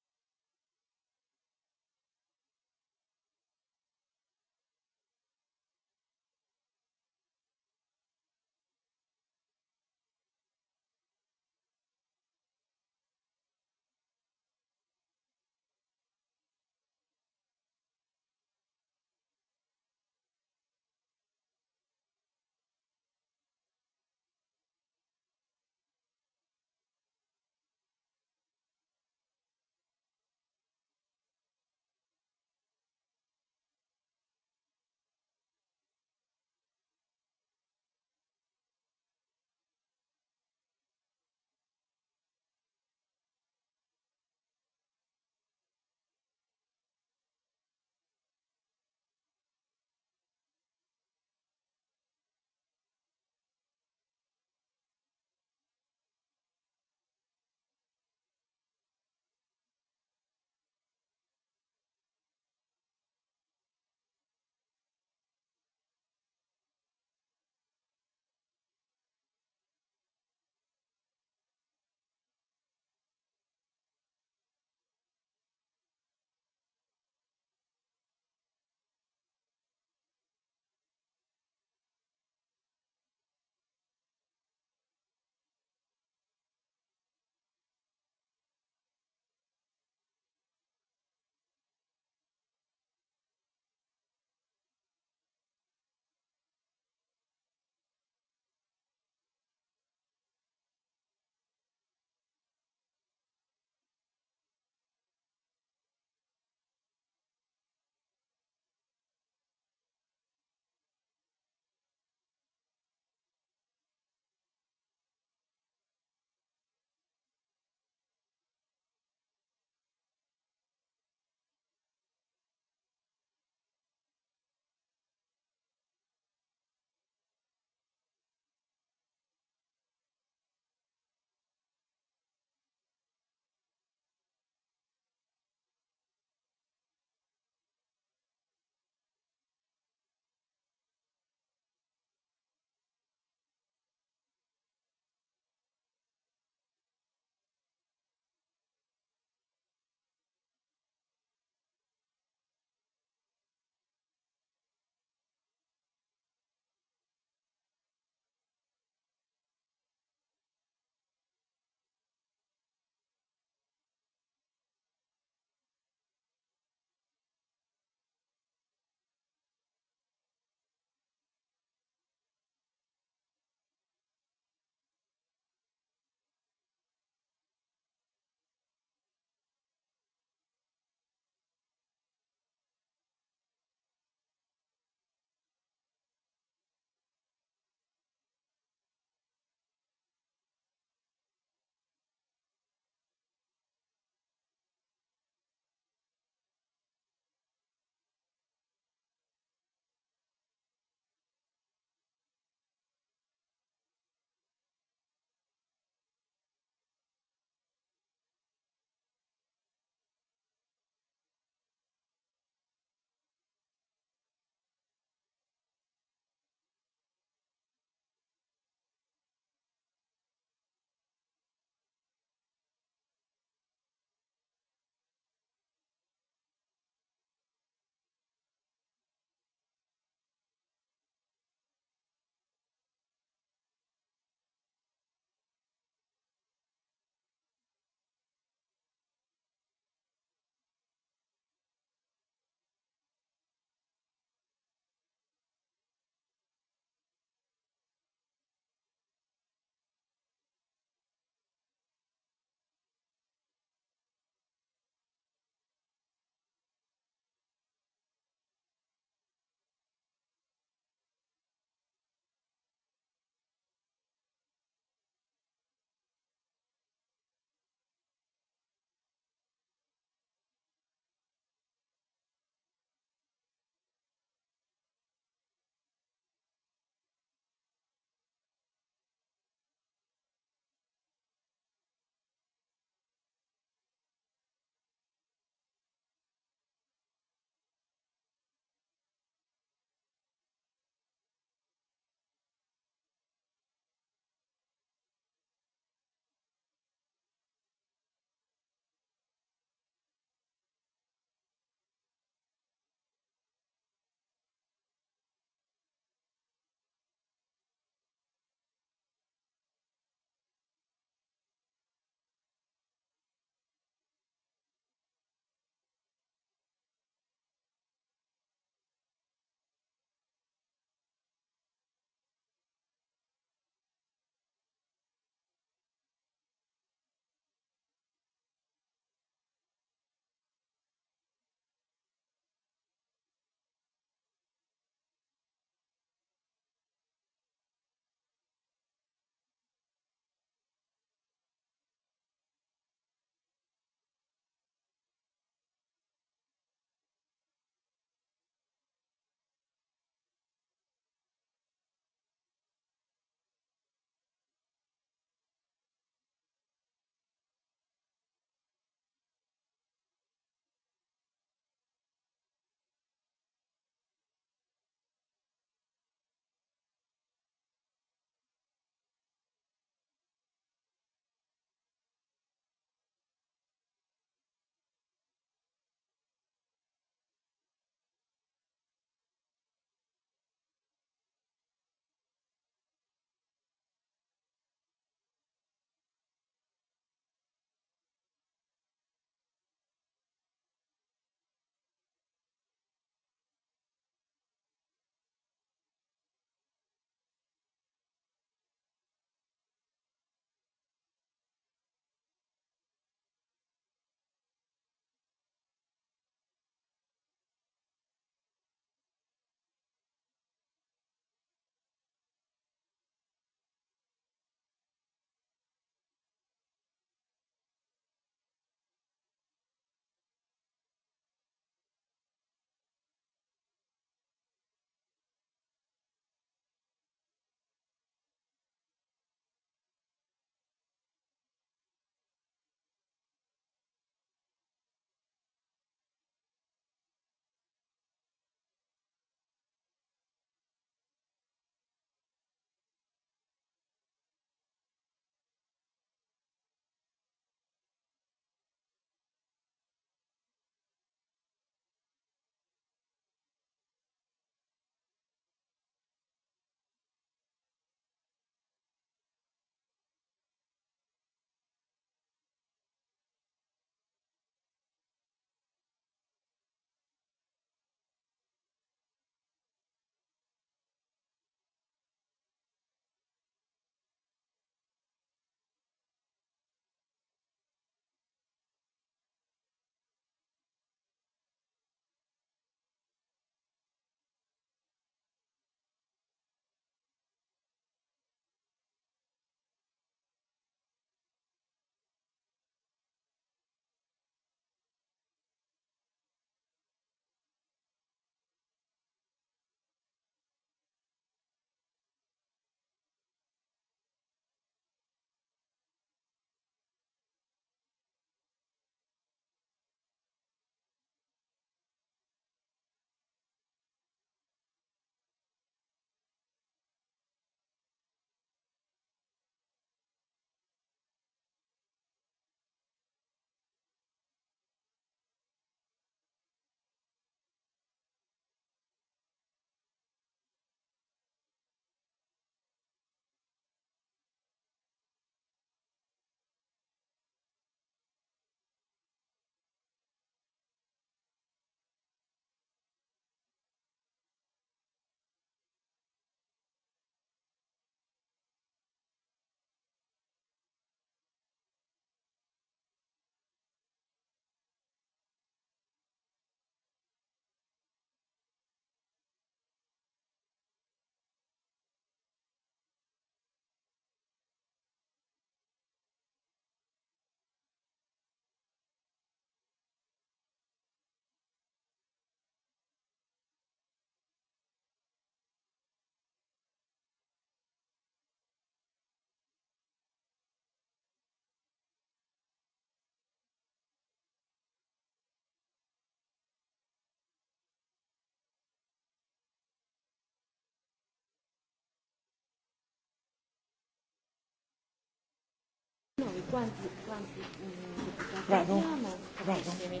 quanti, quanti mh, deputati Prego. abbiamo? Prego.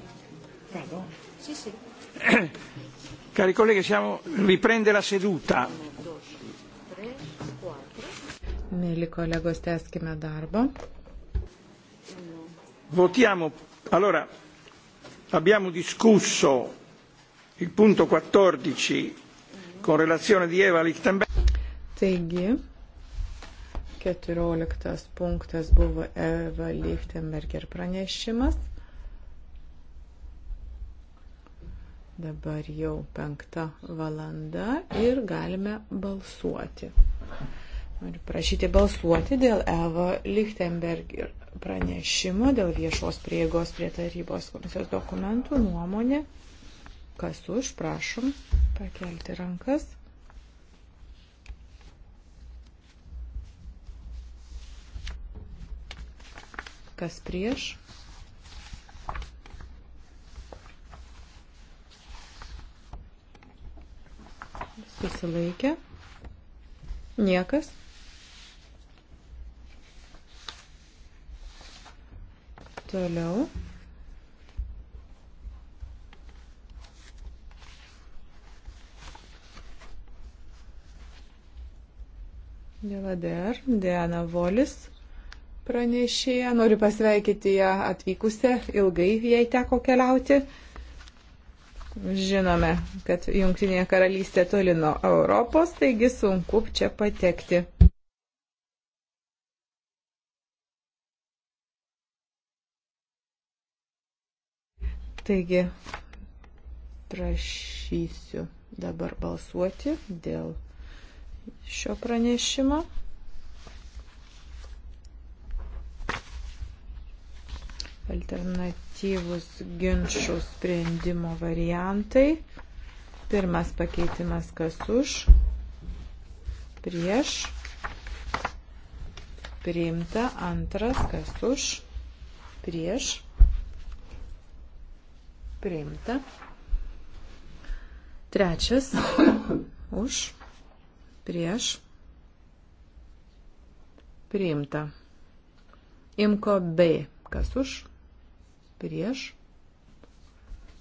Prego. Sì, sì. Cari colleghi, siamo, riprende la seduta. Mėly kolegos, teskime darbą. Votiamo. Allora, abbiamo discusso il punto 14 con relazione di Eva Lichtenberg. Taigi, 14 punktas buvo Eva Lichtenberger pranešimas. Dabar jau penkta valanda ir galime balsuoti. Noriu prašyti balsuoti dėl Eva Lichtenberger pranešimo, dėl viešos prieigos prie tarybos komisijos dokumentų nuomonė. Kas už, prašom pakelti rankas. kas prieš. Susilaikė. Niekas. Toliau. Dėl ADR, Diana Volis pranešėją. Noriu pasveikyti ją atvykusią. Ilgai jai teko keliauti. Žinome, kad Junktinėje karalystė toli nuo Europos, taigi sunku čia patekti. Taigi, prašysiu dabar balsuoti dėl šio pranešimo. alternatyvus ginčių sprendimo variantai. Pirmas pakeitimas kas už, prieš, priimta, antras kas už, prieš, priimta, trečias už, prieš, priimta. Imko B. Kas už? prieš,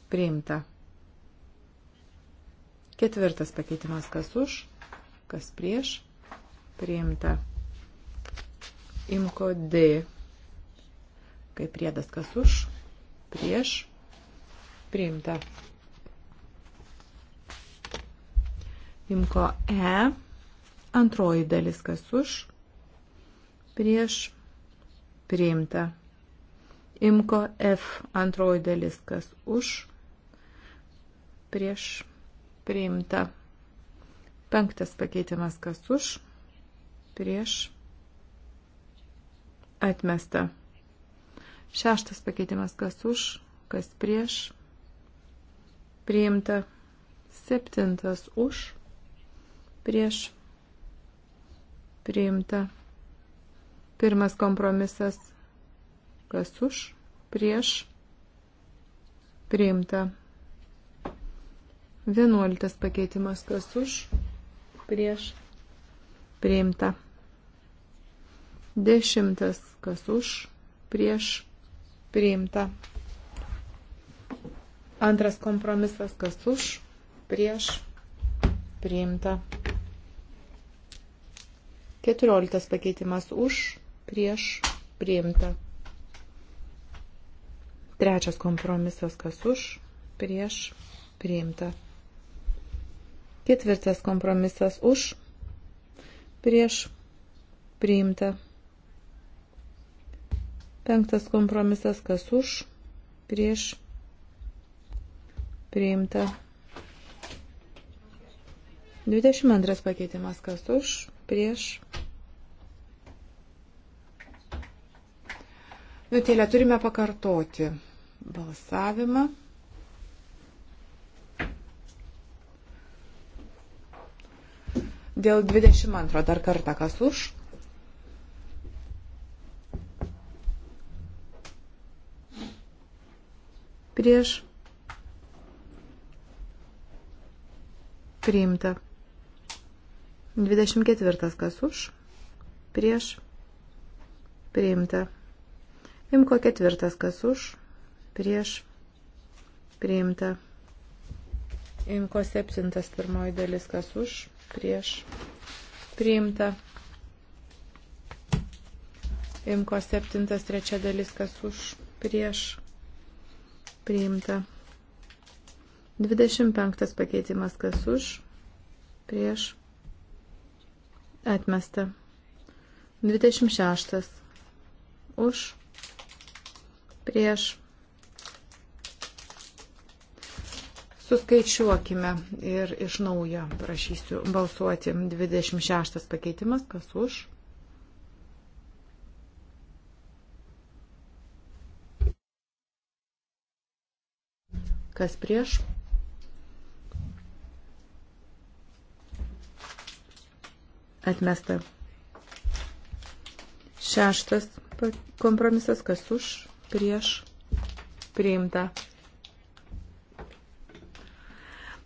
priimta. Ketvirtas pakeitimas, kas už, kas prieš, priimta. Imko D, kaip priedas, kas už, prieš, priimta. Imko E, antroji dalis, kas už, prieš, priimta. Imko F antroji dalis, kas už, prieš priimta. Penktas pakeitimas, kas už, prieš atmesta. Šeštas pakeitimas, kas už, kas prieš priimta. Septintas už, prieš priimta. Pirmas kompromisas Kas už? Prieš? Priimta. Vienuoliktas pakeitimas. Kas už? Prieš? Priimta. Dešimtas. Kas už? Prieš? Priimta. Antras kompromisas. Kas už? Prieš? Priimta. Keturioliktas pakeitimas. Už? Prieš? Priimta. Trečias kompromisas, kas už, prieš, priimta. Ketvirtas kompromisas už, prieš, priimta. Penktas kompromisas, kas už, prieš, priimta. 22 pakeitimas, kas už, prieš. Nutėlę turime pakartoti balsavimą. Dėl 22 dar kartą kas už. Prieš. Priimta. 24 kas už. Prieš. Priimta. Imko ketvirtas kas už prieš priimta. Imko septintas pirmoji dalis, kas už, prieš priimta. Imko septintas trečia dalis, kas už, prieš priimta. 25 pakeitimas, kas už, prieš atmesta. 26 už, prieš Suskaičiuokime ir iš naujo prašysiu balsuoti. 26 pakeitimas, kas už? Kas prieš? Atmesta. Šeštas kompromisas, kas už, prieš, priimta.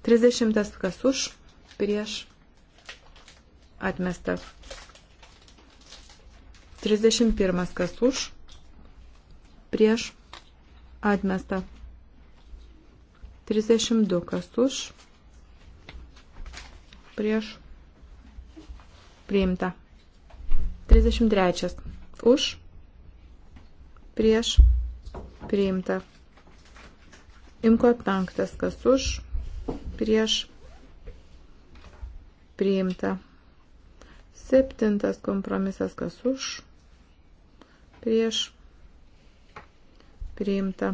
30 kas už, prieš atmesta. 31 kas už, prieš atmesta. 32 kas už, prieš priimta. 33 už, prieš priimta. Imko penktas kas už, prieš priimta. Septintas kompromisas kas už prieš priimta.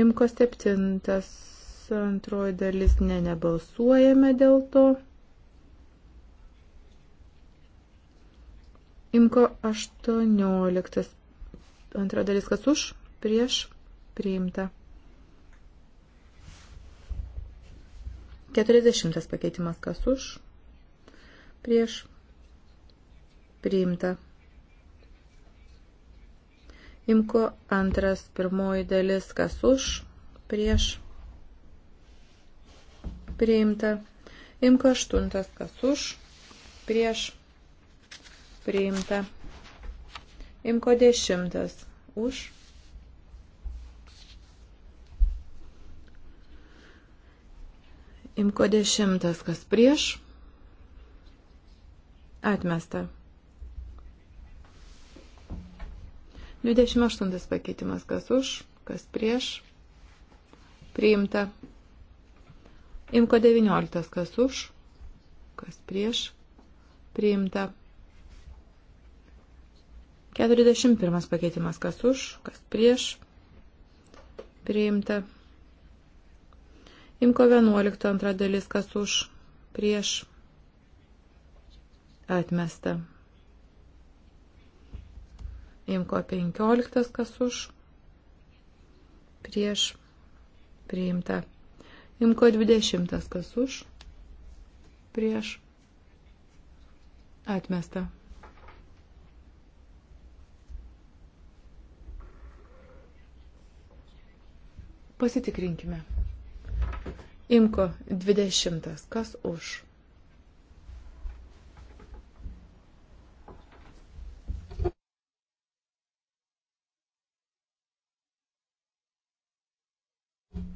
Imko septintas antroji dalis ne nebalsuojame dėl to. Imko 18. Antra dalis, kas už, prieš, priimta. 40 pakeitimas, kas už, prieš, priimta. Imko antras, pirmoji dalis, kas už, prieš, priimta. Imko aštuntas, kas už, prieš, priimta priimta. Imko dešimtas už. Imko dešimtas, kas prieš. Atmesta. 28 pakeitimas, kas už, kas prieš. Priimta. Imko 19, kas už, kas prieš. Priimta. 41 pakeitimas kas už, kas prieš. Priimta. Imko 11 antra dalis kas už, prieš. Atmesta. Imko 15 kas už, prieš. Priimta. Imko 20 kas už, prieš. Atmesta. Pasitikrinkime. Imko 20. Kas už?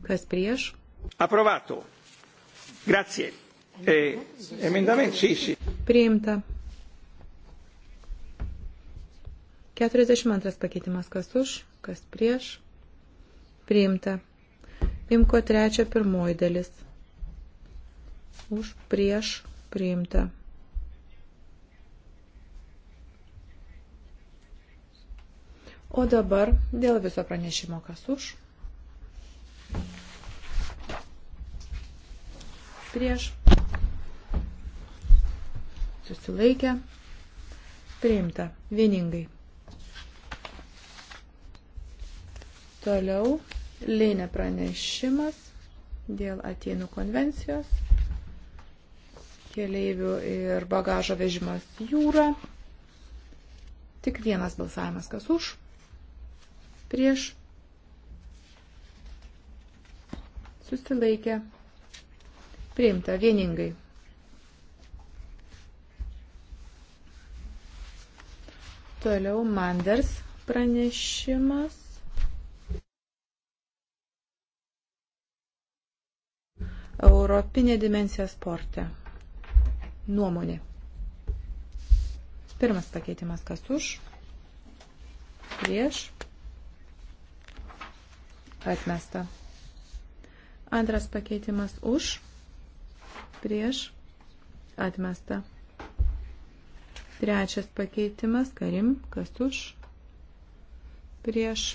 Kas prieš? Approvato. Grazie. E, emendament, sì, sì. Priimta. 42 pakeitimas kas už, kas prieš. Priimta. Imko trečia pirmoji dalis. Už prieš priimta. O dabar dėl viso pranešimo kas už. Prieš. Susilaikę. Priimta. Vieningai. Toliau Lėnė pranešimas dėl Atenų konvencijos, keleivių ir bagažo vežimas jūra. Tik vienas balsavimas, kas už, prieš, susilaikė, priimta vieningai. Toliau Manders pranešimas Europinė dimensija sporte. Nuomonė. Pirmas pakeitimas, kas už, prieš, atmesta. Antras pakeitimas už, prieš, atmesta. Trečias pakeitimas, karim, kas už, prieš,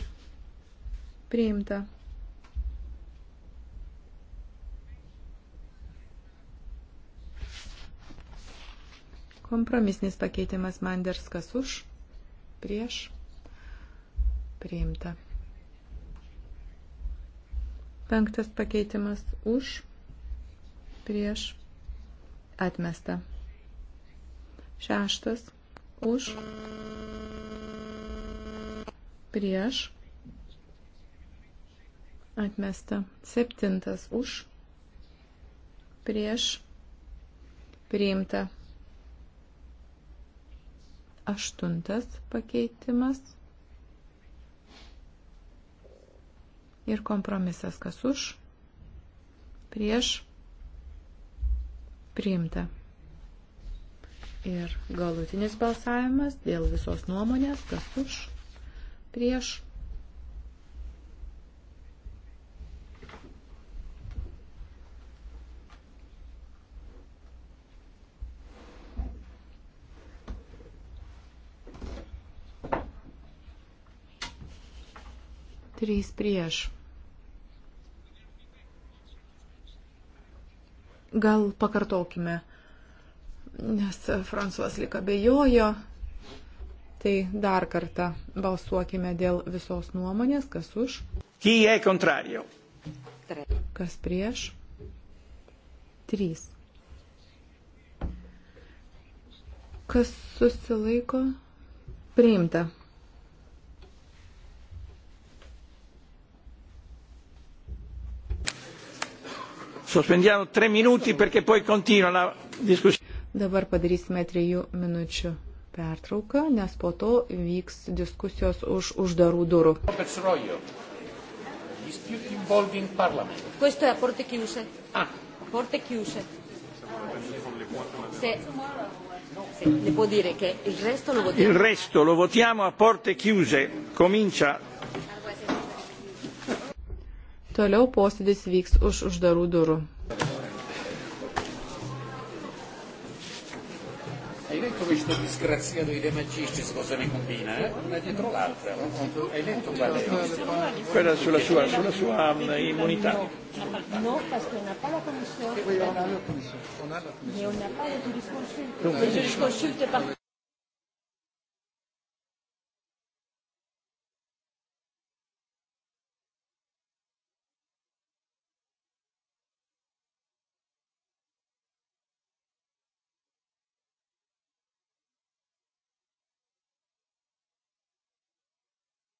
priimta. Kompromisnis pakeitimas Manders kas už, prieš, priimta. Penktas pakeitimas už, prieš, atmesta. Šeštas už, prieš, atmesta. Septintas už, prieš, priimta. Aštuntas pakeitimas. Ir kompromisas kas už, prieš, priimta. Ir galutinis balsavimas dėl visos nuomonės, kas už, prieš, priimta 3 prieš. Gal pakartokime, nes Fransuas lik abejojo. Tai dar kartą balsuokime dėl visos nuomonės, kas už. Kas prieš? 3. Kas susilaiko? Priimta. Sospendiamo tre minuti perché poi continua la discussione. Dabar padarysime trijų minučių pertrauką, nes po to vyks diskusijos už uždarų durų. Questo è a porte chiuse. Ah. Porte chiuse. Se, se, le può dire che il resto lo votiamo. Il resto lo votiamo a porte chiuse. Comincia Toliau posėdis vyks už uždarų durų. Hai letto questo disgraziato di De Magistris cosa ne combina? Eh? Una dietro l'altra. Hai letto quale Quella sulla sua, sulla sua um, immunità. No, perché non ha la commissione. Oui, on a la commissione. On a la commissione. Mais on n'a pas de jurisconsulte. Le jurisconsulte